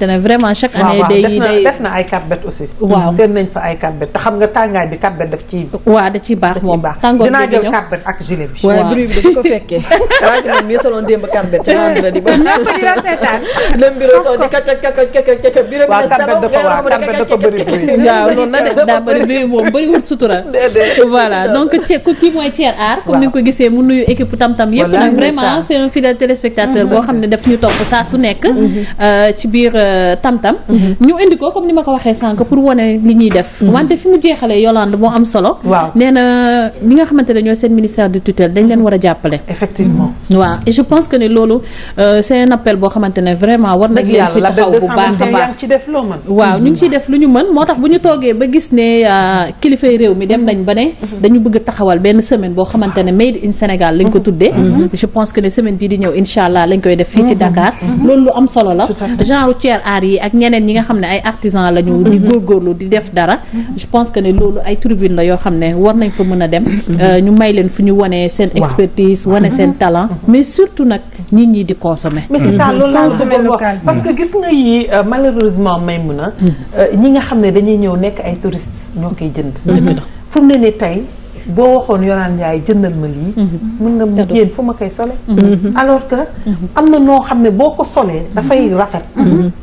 ne vraiment chaque mhm. bi da ciy baax moom tàngoor bi dinaa jël 4 bet ak gilet bi. waaw waaye bruit bi dafa ko fekkee waaye man mii soloon démb 4 bet ca vendredi ba. di la seetaan. dem bureau toog di sutura. voilà donc ceeb ku kii mooy Thier Art. comme ni nga ko gisee mu nuyu équipe tam tam yëpp nag vraiment c'est un fidèle téléspectateur boo xam ne def ñu topp ça su nekk. Euh, ci biir euh, tam-tam. ñu indi comme ni ma ko waxee sànq pour wane li ñuy def. Mhm. wante fi mu jeexalee Yolande moo am solo. waaw nee na ñi nga xamante ne ñooy seen ministère de tutelle dañ leen war a effectivement waaw et je pense que ne loolu euh, c' est un appel boo xamante vraiment war nañ leen si taxaw bu baax a baax waaw ñu ngi def lu ñu mën moo tax bu ñu toogee ba gis ne kilifay réew mi dem nañ ba ne mhm. dañu bëgg taxawal benn semaine boo xamante made in Sénégal lañ ko mhm. tuddee je pense que ne semaine bii di ñëw incha allah lañ koy def ci Dakar mhm. mhm. lolo am solo la genre tiers art yi ak ñeneen nga ne ay artisan la ñu di mhm. góorgóorlu di def dara je pense que ne loolu ay tribune la yo xam ne war nañ fa mën dem euh, ñu may leen fu ñu wane sen expertise wane sen talent mais surtout nak nit ñi di consommer mais c'est ça loolu laa semaine parce que gis nga yi euh, malheureusement Maimouna euh, ñi nga xam ne dañuy ñëw nekk ay touristes ñoo koy jënd fu mu boo waxoon Yohane Ndiaye jëndal ma lii. Mhm. mën na mu génn fu ma koy sole mhm. alors que mhm. am na noo xam ne boo ko solee dafay rafet.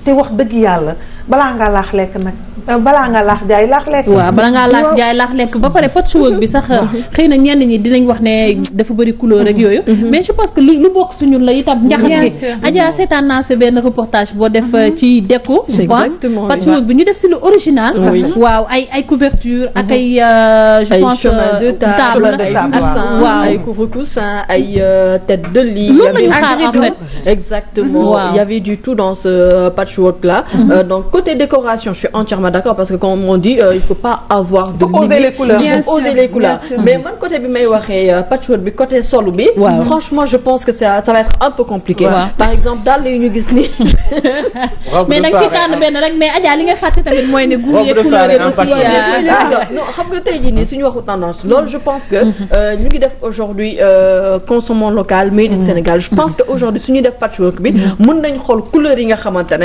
te wax dëgg yàlla balaa nga laax lekk nag euh, balaa nga laax jaay laax lekk. waaw balaa ngaa laax jaay laax lekk ba pare patchwork bi sax. xëy na ñenn ñi dinañ wax ne dafa bëri couleur rek mm-hmm. yooyu. Mm-hmm. mais je pense que lu lu bokk suñu la itam. njaxas gi mm-hmm. Adja seetaan naa sa benn reportage boo def euh, ci déco. je pense patchwork bi ñu def si lu original. waaw ay ay couverture ak ay euh, je pense. deux tables de table waaw ay couvre-coussin ay tête de lit. loolu la ñu xaar en fait exactement. il y avait du tout dans ce patchwork là donc. Côté décoration, je suis entièrement d'accord parce que quand on dit, euh, il faut pas avoir de faut oser les couleurs. Bien faut oser les couleurs. Mais moi, côté bi may waxee euh, patchwork bi côté sol bi. franchement je pense que ça ça va être un peu compliqué. Wow. par exemple daal la ñu gis ni mais nak ci tànn ben rek mais Adja li nga fàtte tamit moy ne. guur yeeg couleur yeeg aussi non xam nga tey jii nii suñu waxu tendance loolu mm-hmm. je pense que mm-hmm. euh, ñu ngi def aujourd'hui euh, consommons local made in mm-hmm. Sénégal je pense que aujourd'hui suñu def patchwork bi mën nañ xol couleur yi nga xamante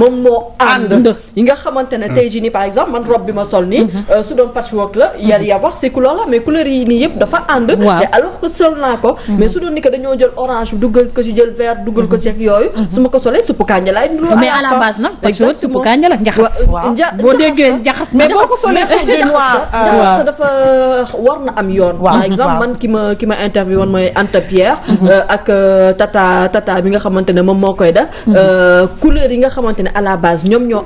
mom mo moo dund yi nga xamante ne tey par exemple man robe bi ma sol nii mhm. euh, su doon patchwork la yar y avoir ces couleurs là mais couleurs yi nii yëpp dafa ànd te alors que mhm. mhm. la base nag patchwork suppu la mais bi nga xamante ne moom moo koy da euh, couleur yi nga xamante ne ñoom ñoo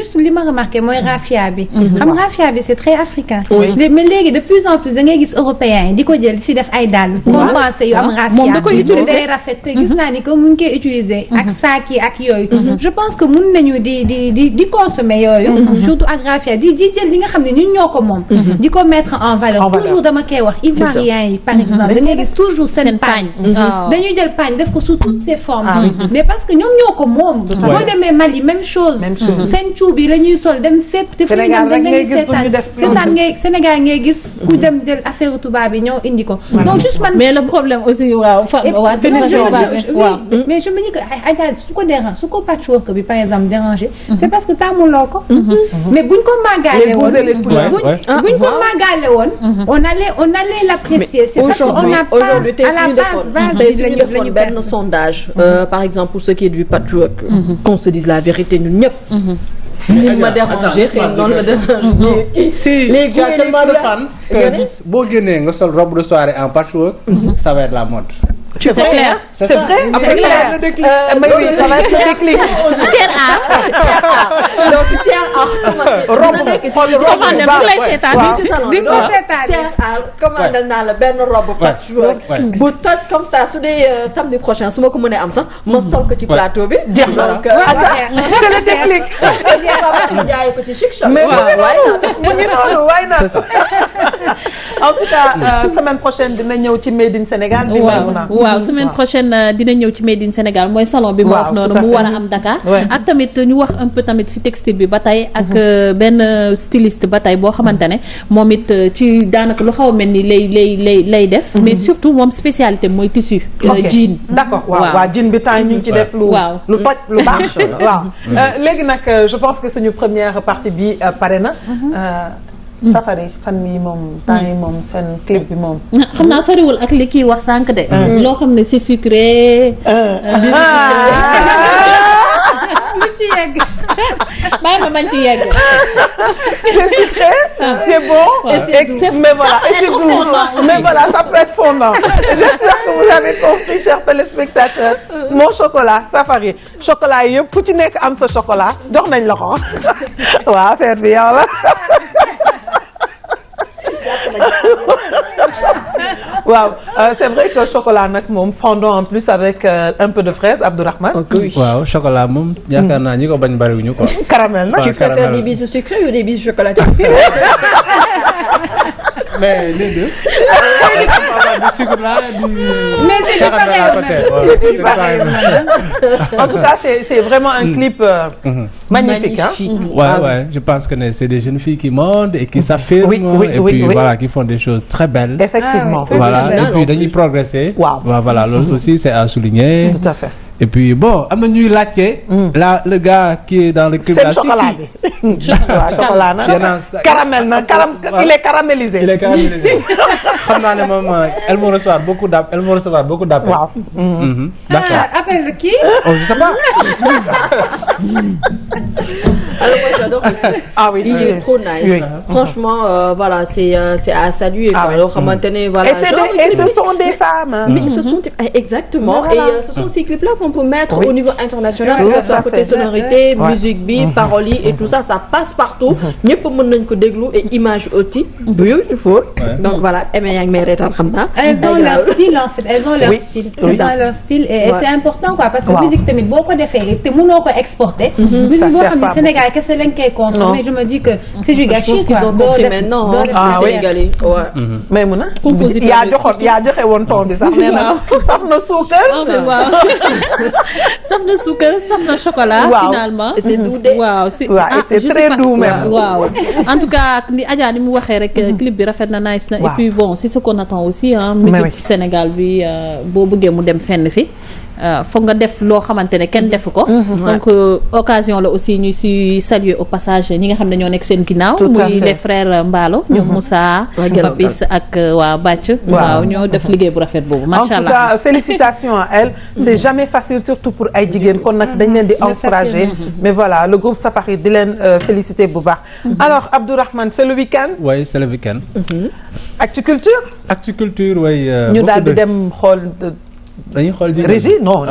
juste li ma remarqué mooy raffia bi. Mhm. xam raffia bi c'est très africain. mais léegi de plus en plus da ngay gis européens yi di ko jël si def ay dàll. compensé yu am raffia moom da koy utilisé day rafet te mhm. gis naa ni que mun koy utiliser. ak mhm. saak ak yooyu. je pense que mun nañu di di di di consommer yooyu. surtout ak raffia di di jël li nga xam ne ñun ñoo ko moom. mettre en valeur toujours dama koy wax ivoiriens yi par exemple da ngay gis toujours seen paañ. Ah. dañuy jël paañ def ko sous toutes ses formes. Ah. mais parce que ñoom ñoo ko moom. boo demee Mali même chose. seen cuub tout bi lañuy sol dem fépp. te fu ñu dem dañ leen di seetaan ngay Sénégal ngay gis. ku mm. dem jël affaire tubaab bi ñëw indi ko. donc juste man mais le problème aussi waaw fa waaw. mais je me dis que Adja su ko dérange su ko patchwork bi par exemple dérangé. Mm-hmm. c'est parce que tàmmuloo ko. Mm-hmm. Mm-hmm. mais buñ ko magalé won buñ ko ah, màggaale woon. on allait on allait l'apprécier. c'est parce qu'on n'a pas à la base base tey suñu defoon benn sondage. Euh, par exemple pour ce qui est du patchwork. qu'on se dise la vérité ñun ñep il ma dérangé il m'a dérangé. si tu as tellement de fans. boo génnee nga sol robe de soirée en patchwork. Mhm. ça va être la mode. C'est clair c'est vrai après ça aar. Euh, ah. donc aar. Ah. robe ci salon ko seetaan aar commandé naa la benn robe patchwork bu toj comme su dee euh, samedi prochain su ma ko mënee am sax ma mm. sol ko ci plateau bi. jeex na donc euh, c'est le déclic. jaay ko ci chic shop. mu ngi noonu waay semaine prochaine dina ñëw ci Made in Sénégal di Maimouna. waaw semaine prochaine euh, dina ñëw ci Made in Sénégal salon bi. wax noonu mu war am Dakar. ak tamit un peu tamit si textile bi ak styliste ci lu xaw mhm. mais surtout moom spécialité mooy tissu. Euh, jean d'accord waaw jean euh, je pense que c'est une première partie bi mhm. Mm. safari fan yi moom temps yi mm. moom seen clip bi moom. Mm. xam naa soriwul ak li kii wax sànq de. loo xam ne c'est sucré. Euh, euh, ah. ci yegg bàyyi ma man ci yegg. c'est sucré, ah. c'est bon. et c'est mais voilà et c'est doux. mais voilà ça peut être fondant. j'espère que vous avez compris chers téléspectateurs. Euh. mon chocolat safari chocolat yëpp ku ci nekk am sa chocolat jox nañ la ko waaw affaire bi yow la. Wow, euh, c'est vrai que chocolat nak mom fondant en plus avec euh, un peu de fraise Abdullah. Wow, chocolat mom yakarna naa ñi ko bañ de quoi. caramel nak. tu préfères des bisous sucrés ou des bisous chocolatés. mais les deux. En tout cas, c'est vraiment un mm. clip euh, mm-hmm. magnifique. Hein? Ouais, ah ouais, je pense que c'est des jeunes filles qui montent et qui s'affirment. Oui, et puis voilà, qui font des choses très belles. Effectivement. Ah voilà, et puis d'ailleurs progresser. Wow. Voilà, l'autre aussi, c'est à souligner. Tout à fait et puis bon à menu ñuy hmm. le gars qui est dans le. club, c'est chocolat chocolat, chocolat caramel il est caramélisé. il est caramélisé euh, elle va recevoir beaucoup d'appels. elle vont recevoir beaucoup d'appels. appel de qui. oh je sais pas adoré. ah oui, il est trop nice. Franchement, euh, voilà, euh, c'est à saluer. Ah, alors, oui. maintenant, voilà. Et, genre, et ce sont des femmes. Eh, Mais mm -hmm. sont, exactement. Et euh, ce sont ces clips-là qu'on peut mettre au niveau international, que ce soit côté sonorité, musique bi, paroli et tout ça. Ça passe partout. Mieux pour mon que déglou et image Il Beautiful. Donc voilà, Elles ont leur style en fait. Elles ont leur style. Elles ont leur style. Et c'est important quoi, parce que la musique, tu mm-hmm. as beaucoup d'effets. Tu as exporter. Musique, Sénégal, qu'est-ce que mais je me dis que c'est du gâchis. maintenant. Hein, ouais. il y a deux il y a deux ça. ça ah, chocolat finalement. C'est mhm. doux. c'est ah, très doux même. En tout cas, ni mhm. et puis bon, c'est ce qu'on attend aussi hein, Sénégal bi euh, bo euh, foog nga def lo xamantene ken kenn mhm. donc euh, occasion la aussi ñu si saluer au passage ñi nga xam ñoo nek seen ginaaw muy les frères euh, Mballo. ñoom mhm. Moussa. Papis ak wa Bàcc. waaw ñoo def liggéey bu rafet bobu machallah en tout cas félicitations à elle. Mhm. c'est jamais facile surtout pour ay jigen kon nak dañ leen di encourager. mais voilà le groupe Safari di leen féliciter bu baax. alors Abdourahmane c'est le week-end. oui c'est le week-end. Actu Culture. Actu Culture, oui. ñu daal di dem xol non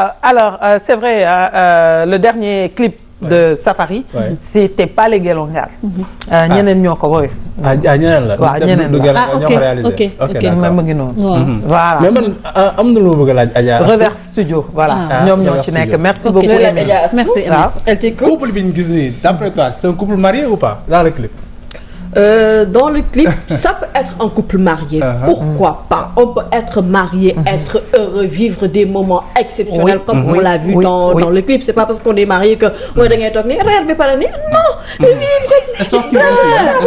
alors euh, c'est vrai euh, euh, le dernier clip de Safari. c'était pas les Gelongal. Mhm. Euh, ah. ñeneen ñoo ko woy. Ah, ah ñeneen la. waaw ñeneen la ah ok ok ok mhm. Mhm. mais mu voilà man ah, am na Adja. Reverse Studio voilà. ñoom ñoo ci merci beaucoup. ok merci beaucoup. couple bi ñu gis d'après toi c'est un couple marié ou pas dans le clip. Euh, dans le clip, ça peut être un couple marié. Ah, ah. Pourquoi pas On peut être marié, mhm. être heureux, vivre des moments exceptionnels comme on l'a vu Dans, dans, le clip. C'est pas parce qu'on est marié que mhm. on est Non, mhm. vivre. Hein. Sortir,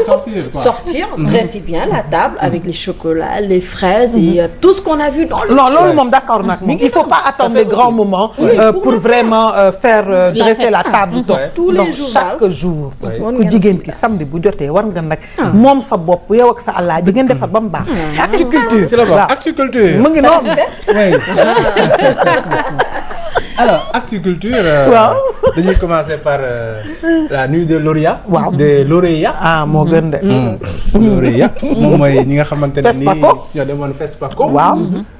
sortir, sortir, dresser bien la table avec les chocolats, les fraises et euh, tout ce qu'on a vu dans le. Non, non, d'accord, Il faut pas attendre les grands moments euh, pour, vraiment faire dresser la table. tous les jours. Chaque jour. samedi Ah. moom sa bopp yow ak sa àllaa ji ngeen ah. defar ba mu baax ah. agriculture ci la baax agriculture mu ngi noonu alors agriculture euh, waaw dañuy commencer par euh, la nuit des lauréats waaw des moo gën de hmm. lauréat hmm. moom mooy ñi nga xamante ne nii ñoo demoon FESPACO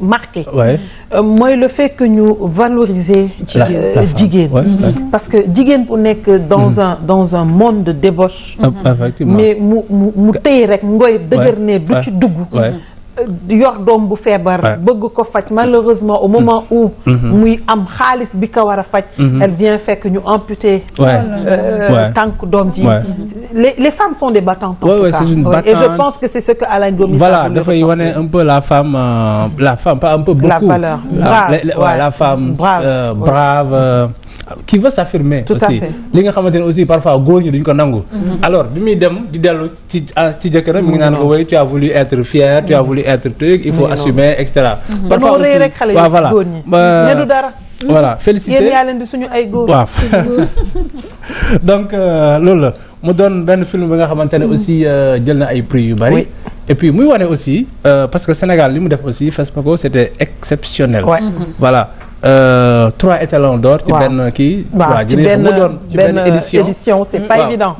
marqué euh, Moi, le fait que nous valorisons euh, mm-hmm. parce que pour n'est que dans mm-hmm. un dans un monde de débauche ah, mais euh, yor dom bu febar bëgg ko malheureusement au moment où mhm. muy am xaalis bi ko war a mhm. elle vient fekk ñu amputé euh, euh, tànk dom ji les femmes sont des battantes et je pense que c'est ce que Alain Gomis voilà dafay wane un peu la femme la femme pas un peu beaucoup la valeur la femme brave qui va s'affirmer aussi li nga xamante aussi parfois góor ñi duñ ko nangu mhm. alors bi muy dem di delu ci ah, ci mi woy mhm. tu as voulu être fier tu as mhm. voulu être truc il faut assumer et cetera parfois aussi waaw voilà du dara voilà félicité donc euh, loolu mu donne ben film nga xamantene aussi euh, jël ay prix yu bari et puis muy wane aussi euh, parce que Sénégal li mu def aussi FESPACO c'était exceptionnel voilà euh, trois étalons d'or ben qui, ben, ben édition c'est pas évident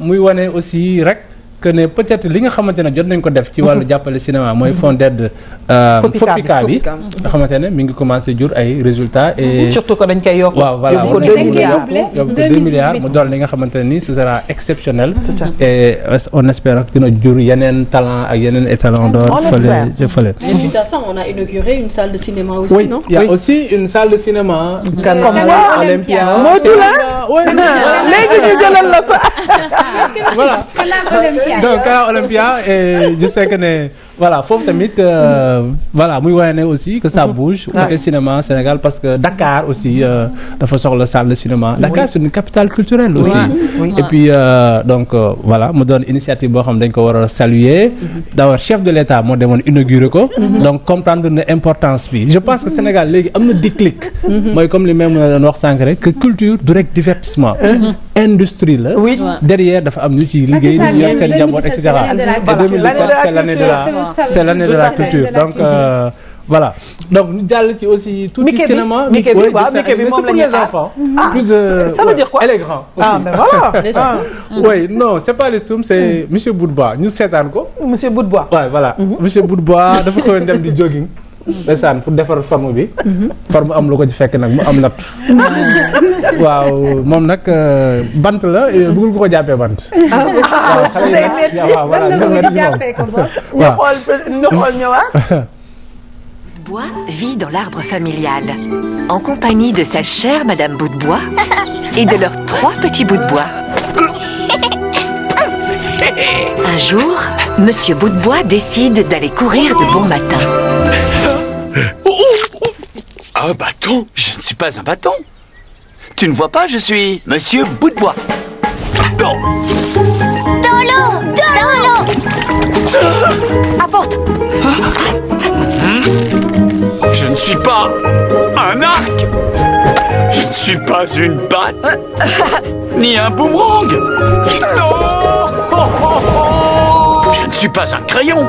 aussi rek que ne peut-être li nga xamantene jot nañ ko def ci walu mhm. jàppale cinéma moy mhm. fond d'aide euh FOPICA bi nga xamante mi ngi commencé jur ay résultats et mhm. surtout ko dañ kay yok waaw voilà 2 ko deux milliards mu dol li nga xamantene ni ce sera exceptionnel et euh, on espère que dina jur yenen talent ak yenen étalon d'or fële fële mais suite à ça on a inauguré une salle de cinéma aussi oui, non il y a aussi une salle de cinéma comme Cana Olympia moo tudd la léegi ñu jëlal la ça voilà donc à Olympia et je sais que voilà il faut euh, voilà aussi que ça mhm. bouge. le ah. cinéma Sénégal parce que Dakar aussi euh, façon le salle de cinéma. Dakar c'est une capitale culturelle. aussi et puis euh, donc voilà l'initiative donne initiative bo xam dañ ko saluer. Mhm. d'avoir chef de l'État mo demoon inauguré ko. Mhm. donc comprendre l'importance. bi je pense que Sénégal légui amna déclic. moi comme les même la wax que culture le divertissement. industrie derrière dafa am ñu ci liggéey ñu et cetera. 2017 c'est l'année de la c'est l'année de la culture donc euh, voilà donc nous allons aussi. tout le cinéma Mickey bi waaw Mickey c'est pour les ah. enfants. ah ça veut dire quoi elle est grande ah mais ben voilà. Ah. oui non c'est pas le Stum c'est mm. monsieur Boudbois nous 7 ans monsieur Boudbois. Oui, voilà mm-hmm. monsieur Boudbois dafa un dem du jogging ndeysaan pour defar forme bi. Mhm. forme am lu ko ci fekk nag mu am nat waaw moom nag euh, bant la euh, bëggul ko ko jàppee bant. ah waaw xale yi waaw voilà ñu xool ñëwaat. Bois vit dans l'arbre familial, en compagnie de sa chère Madame Boutbois et de leurs trois petits bouts de bois. Un jour, Monsieur Boutbois décide d'aller courir de bon matin. Oh, oh, oh. Un bâton Je ne suis pas un bâton. Tu ne vois pas, je suis Monsieur Bout de Bois. Dans l'eau Dans l'eau Apporte Je ne suis pas un arc Je ne suis pas une batte Ni un boomerang Non Je ne suis pas un crayon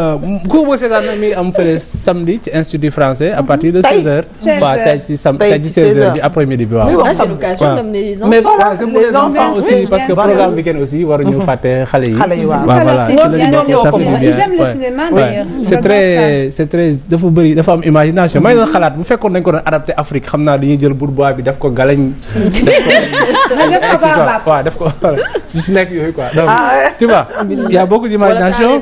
cours boo seetaan nag mi ngi am fële samedi ci institut français à partir de 16h. 16h waaw tey ci sam tey ci 16h ci après midi bi waaw. Ah, waaw mais waaw c'est pour les enfants aussi parce que programme bi kenn aussi waruñu mm-hmm. fàtte xale yi. xale yi waaw voilà c'est très c'est très de faut bëri dafa am imagination Mais doon xalaat bu fekkoon dañ ko doon adapté Afrique xam naa dañuy jël bourbois bi daf ko galañ. daf ko waaw daf ko lu si nekk yooyu quoi donc ah, tu vois y a beaucoup d'imagination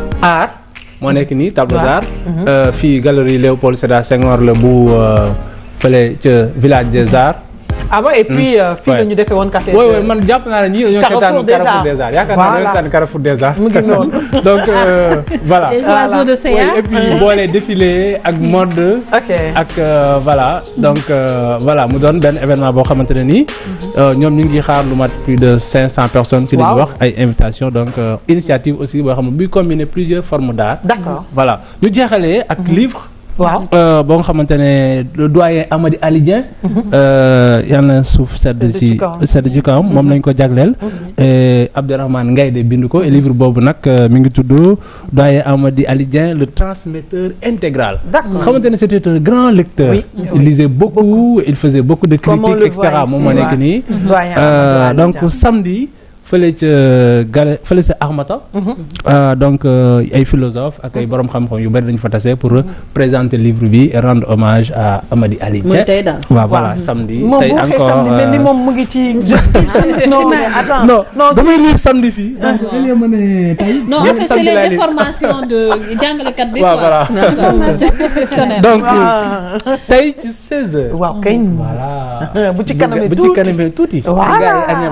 art moo nekk nii tableau d'art mhm. euh, fii galerie Léopold Sédar Senghor la bu euh, fële ca village des arts ah et puis euh, fii la ñu defee woon ouais ouais man japp na ni ñii dañoo Carrefour des Arts Carrefour des Arts donc euh, voilà les oiseaux de Séa et puis boole défilé ak mode ak euh, voilà donc voilà mu donne ben événement bo xamante ne nii ñu ngi xaar lu mat plus de 500 personnes si lañu wax ay invitation donc initiative aussi bo xam ne combiner plusieurs formes d'art d'accord voilà ñu jéxalé ak mhm. livre euh, bon comment nga le doyen Ali mhm. euh yalla Souf sedd ci sedd lañ ko mhm. livre bobu nak euh, mi ngi doyen le transmetteur intégral. d'accord c'était un grand lecteur. il lisait beaucoup, il faisait beaucoup de critiques etc cetera mhm. euh, donc samedi fële ci euh, gale mhm. ah, donc euh, ay philosophe ak ay mhm. borom xam-xam yu dañu fa pour euh, mhm. présenter livre et rendre hommage à Amadi ali samedi non encore ni moom non ci non attends non ah. damay lire samedi non donc non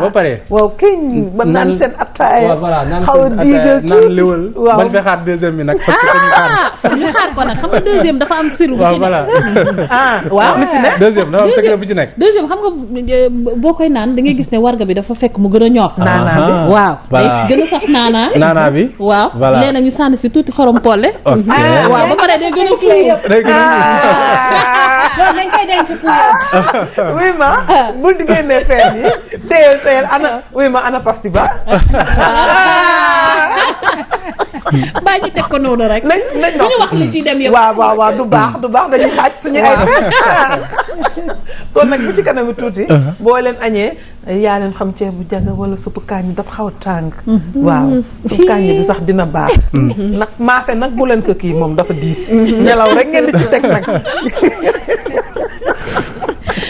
donc 16 ba naan seen attaaya xaw a diigal tuuti waaw bañ fa xaar deuxième bi nag parce que dañu ah, xaar ñu xaar ko nag xam nga deuxième dafa am siru waaw voilà ah waaw lu ci nekk deuxième bu ci nekk deuxième xam nga eh, boo koy naan da gis ne warga bi dafa fekk mu gën a ñor naanaa bi waaw day gën a saf naanaa naanaa bi waaw léegi nag ñu sànni si tuuti xorom polle waaw ba pare day gën a day gën a ah. loolu dañ koy denc pour yow. wuy ma bu génnee feer yi téyel téyel ana wuy ma ana pasti baa ñu teg ko noonu rek. nañ nañ bu wax li ci dem yow. waaw waaw du baax du baax dañuy xaaj suñu ay. kon nag bu ci kanamu tuuti. Uh-huh. boo leen añee yaa leen xam bu jaga wala suppu kaañ daf xaw a tàng. Mm-hmm. waaw mm-hmm. suppu kaañ bi sax dina baax. Mm-hmm. nag maafe nag bu leen ko kii moom dafa diis. ñelaw rek ngeen di ci teg nag.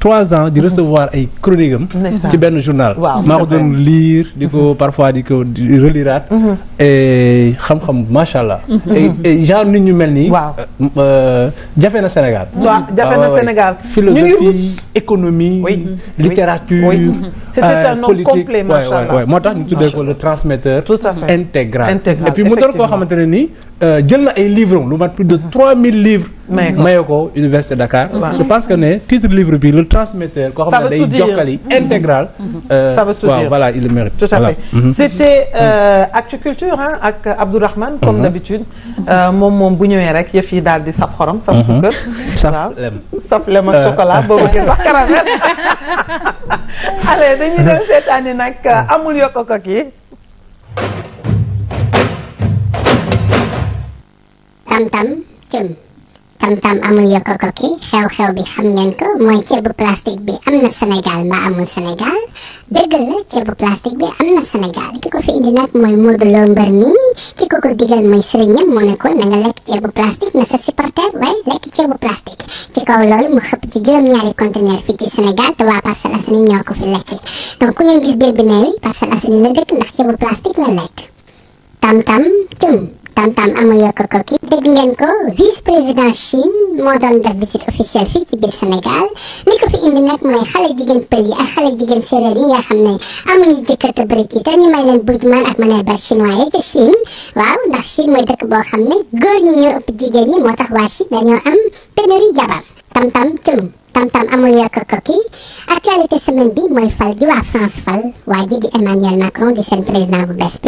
trois ans de recevoir ay chronique am ci benn journal maa donne lire di ko parfois di relire mhm. et xam-xam macha allah. Mhm. et genre nit ñu mel nii euh, euh, jafe le Sénégal waaw jafe le ah, Sénégal philosophie économie littérature c'est un euh, homme complet macha allah moo le transmetteur intégral et puis mu doon koo xamante euh, jël na ay livre, lu mat plus de 3000 mhm. livres. Mayoko, ko Université Dakar. je pense que ne titre livre bi le transmetteur. koo xam ne day mhm. intégral. Mhm. Euh, ça veut tout dire voilà il le mérite. tout à fait c'était euh, Actu Culture hein, ak Abdourahmane comme d'habitude Mon mon bu ñëwee rek a yi daal di saf xorom. saf suukar saf chocolat boobu ngeen wax allez dañuy dem année nag amul yokk ak tam tam chum tam-tam amul yo kokoki xew-xew bi xam ngeen ko mooy ceebu plastique bi amna senegal ma amul senegal deug la eh, ceebu plastique bi amna senegal kiko fi indi nak moy Modou Lo mbër mi ki ko digal moy serigne mo ne ko na nga lekk ceebu plastique na sa supporter waaye lekk ceebu plastique ci kaw lol mu xep ci juróom-ñaari conteneur fi ci senegal te wa parcel asini ñoko fi lek donc ku ngeen gis bir bi neewi parcel asini la dekk ndax plastique la lek tam-tam chum tam-tam amul yokk ko ki dégg ngeen ko vice président Chine moo doon def visite officielle fii ci biir Sénégal li ko fi indi nag mooy xale jigéen pël a ak xale jigéen séeréer yi xam ne amuñu jëkkër te bëri ñu may leen buuj man ak mëneel bar chinois yi ca Chine waaw ndax Chine mooy dëkk boo xam ne góor ñi ñoo ëpp jigéen moo tax waa Chine dañoo am pénurie jabar tam-tam cëmm tam ya amul yàq ko kii actualité semaine bi mooy gi waa France fal waa di Emmanuel Macron di seen président bu bees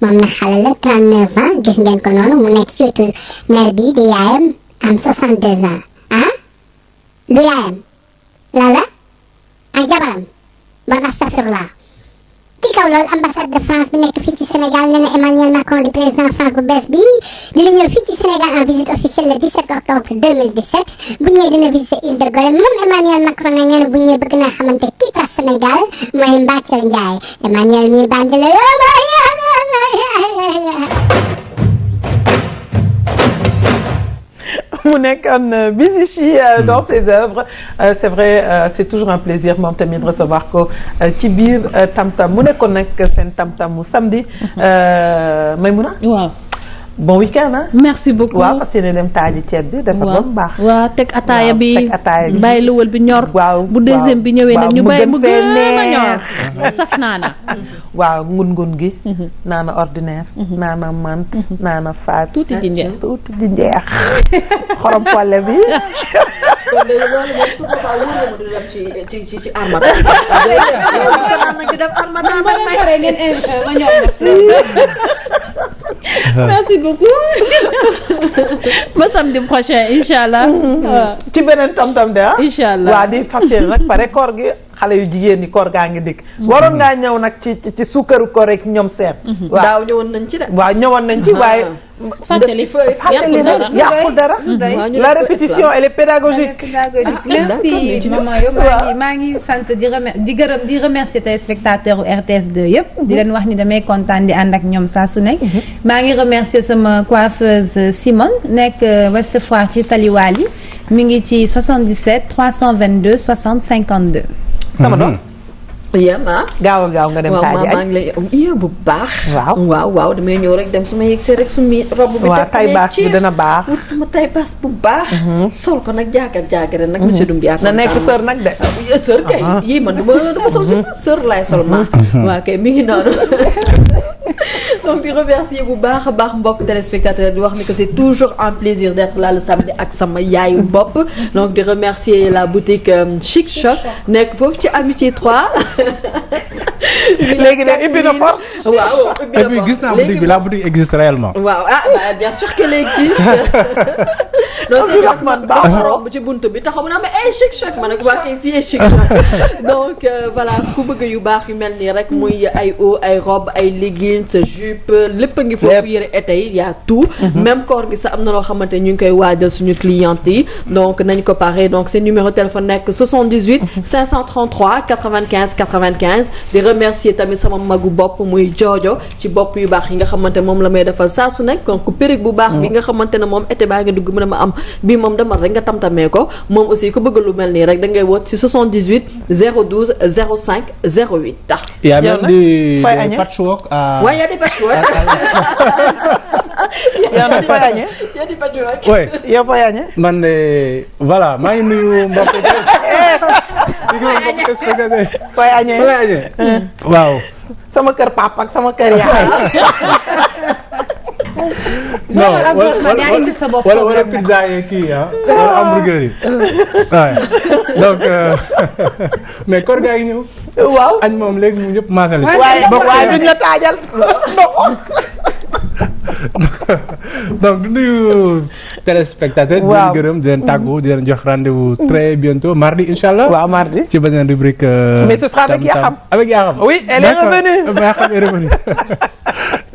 na xale la 39 ans gis ngeen ko noonu nekk ci wetu mère di yaayam am 62 ans ah du yaayam la la ak ah, jabaram bon raw lool ambassade de France bi nekk fii ci Sénégal nee na Emmanuel Macron di président France bu bees bi dina ñëw fii ci Sénégal en visite officielle le 17 octobre 2017 bu ñëwee dina visiter île de Gorée moom Emmanuel Macron nag na bu ñëwee bëgg naa xamante kii tax Sénégal mooy Mbacar Ndiaye Emmanuel mii bandi la yoo oh, mu nekkoon euh, busy euh, hmm. dans ses œuvres euh, c'est vrai c'est toujours un plaisir moom de recevoir ko ci tam tam mu nekkoon tam tam samedi Maymouna bon week na merci beaucoup waaw fas yéene dem taaji ceeb bi. dafa ba mu baax waaw teg ataaya bi bàyyi luwal bi ñor. waaw bu deuxième bi ñëwee nag ñu bàyyi mu gën a ñor. saf naana. waaau ngun-ngun gi mhm. naana ordinaire mhm. naana mant mhm. naana faat tuuti ji njeex xorom polle bi merci beaucoup ba samedi prochain incha allah. Mm-hmm. ci beneen tam tam de ah. incha allah waa nag pare koor gi. xalé yu jigéen ni koor gaa ngi dikk mhm. waroon ngaa ñëw nag ci ci suukaru koor rek ñom seen mhm. daaw ñewon nañ ci de waaw ñëwoon nañ ci ah. waye fàttali nag yàqul dara mhm. la répétition elle est pédagogique ah, ah, merci maman yow maa ngi maa ngi sant di remer di gërëm di remercier tey spectateurs RTS 2 yépp di leen wax ni damay kontaan di ànd ak ñoom saa su nekk ma ngi remercier sama coiffeuse euh, Simone nekk euh, West Foire ci Taliwali mi ngi ci 77 322 60 52 sama dong? iya ma. gaw gaw nggak ada taaji ay. lay iya bu bah wow wow wow, demi nyorek, dem suma yegsee serik sumi rob udah Wah, udah bas, udah na bah. Wut suma tai bas, bu bah. Sol kan nak jaga, dan nak monsieur Dumbia. Na nekk sur, nak deh sur, kay iya, man duma sur lah sur, sol ma. Wah, kayak mingin, ngi donc je remercie vous baax a téléspectateur de voir, que c'est toujours un plaisir d'être là le samedi avec sama yaayu Bop. donc je remercie la boutique euh, Chic Shop. Nek foofu ci amitié 3. et puis la boutique existe réellement. Ah, bah, bien sûr qu'elle existe. loolu seen wax man ah. ba romb ci buntu bi taxaw mu ne ma ay chic choc ma ko waa kay fii chic donc euh, voilà ku bëgg yu baax yu melni rek muy ay eau ay robe ay leggings jupe lepp a ngi foofu yëre été y a tout mhm. même corps gi sa am na loo xamante ñu ngi koy wajal suñu clientes yi donc nañ ko paré donc c'est numéro téléphone nek 78 533 95 95 di remercier tamit sama magu bopp muy joojo ci bop yu baax yi nga xamanté mom la may defal saa su nekk donc périg bu baax bi mhm. nga xamanté ne mom été ba nga dugg mëna ma am bii moom demal rek nga tam tamtamee ko moom aussi ko bëgg lu mel nii rek da ngay woote ci 78 012 05 08. y' a même des des patchwork à. waaw y' a yaa ngi fay añee yaa di bàjj rek. oui yow fay añee. man de voilà maa ngi nuyu mbokk yi. di nuyu mbokk waaw. sama kër papa sama kër yaay. non wala pizza yi kii ah. wala hamburger yi. donc euh, mais kor gaa yi ñëw. waaw añ moom léegi ñun ñëpp maasale. waaye duñ la taajal donc du nuyu téléspectateur. waaw di leen gërëm di leen tàggu di leen jox rendez-vous mm-hmm. très bientôt mardi incha allah. mardi ci beneen rubrique. Euh, mais ce sera avec Yaxam. avec Yaxam oui elle est revenue. Yaxam est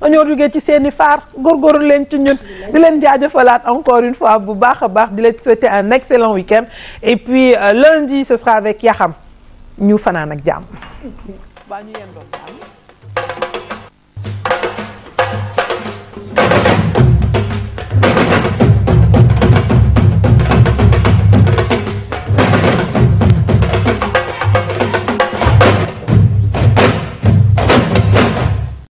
dañoo jógee ci seen far gor góorgóorlu leen ci ñun di leen jaajëfalaat encore une fois bu baax baax di leen souhaiter un excellent week-end et puis euh, lundi ce sera avec Yaxam ñu fanaan ak jàmm.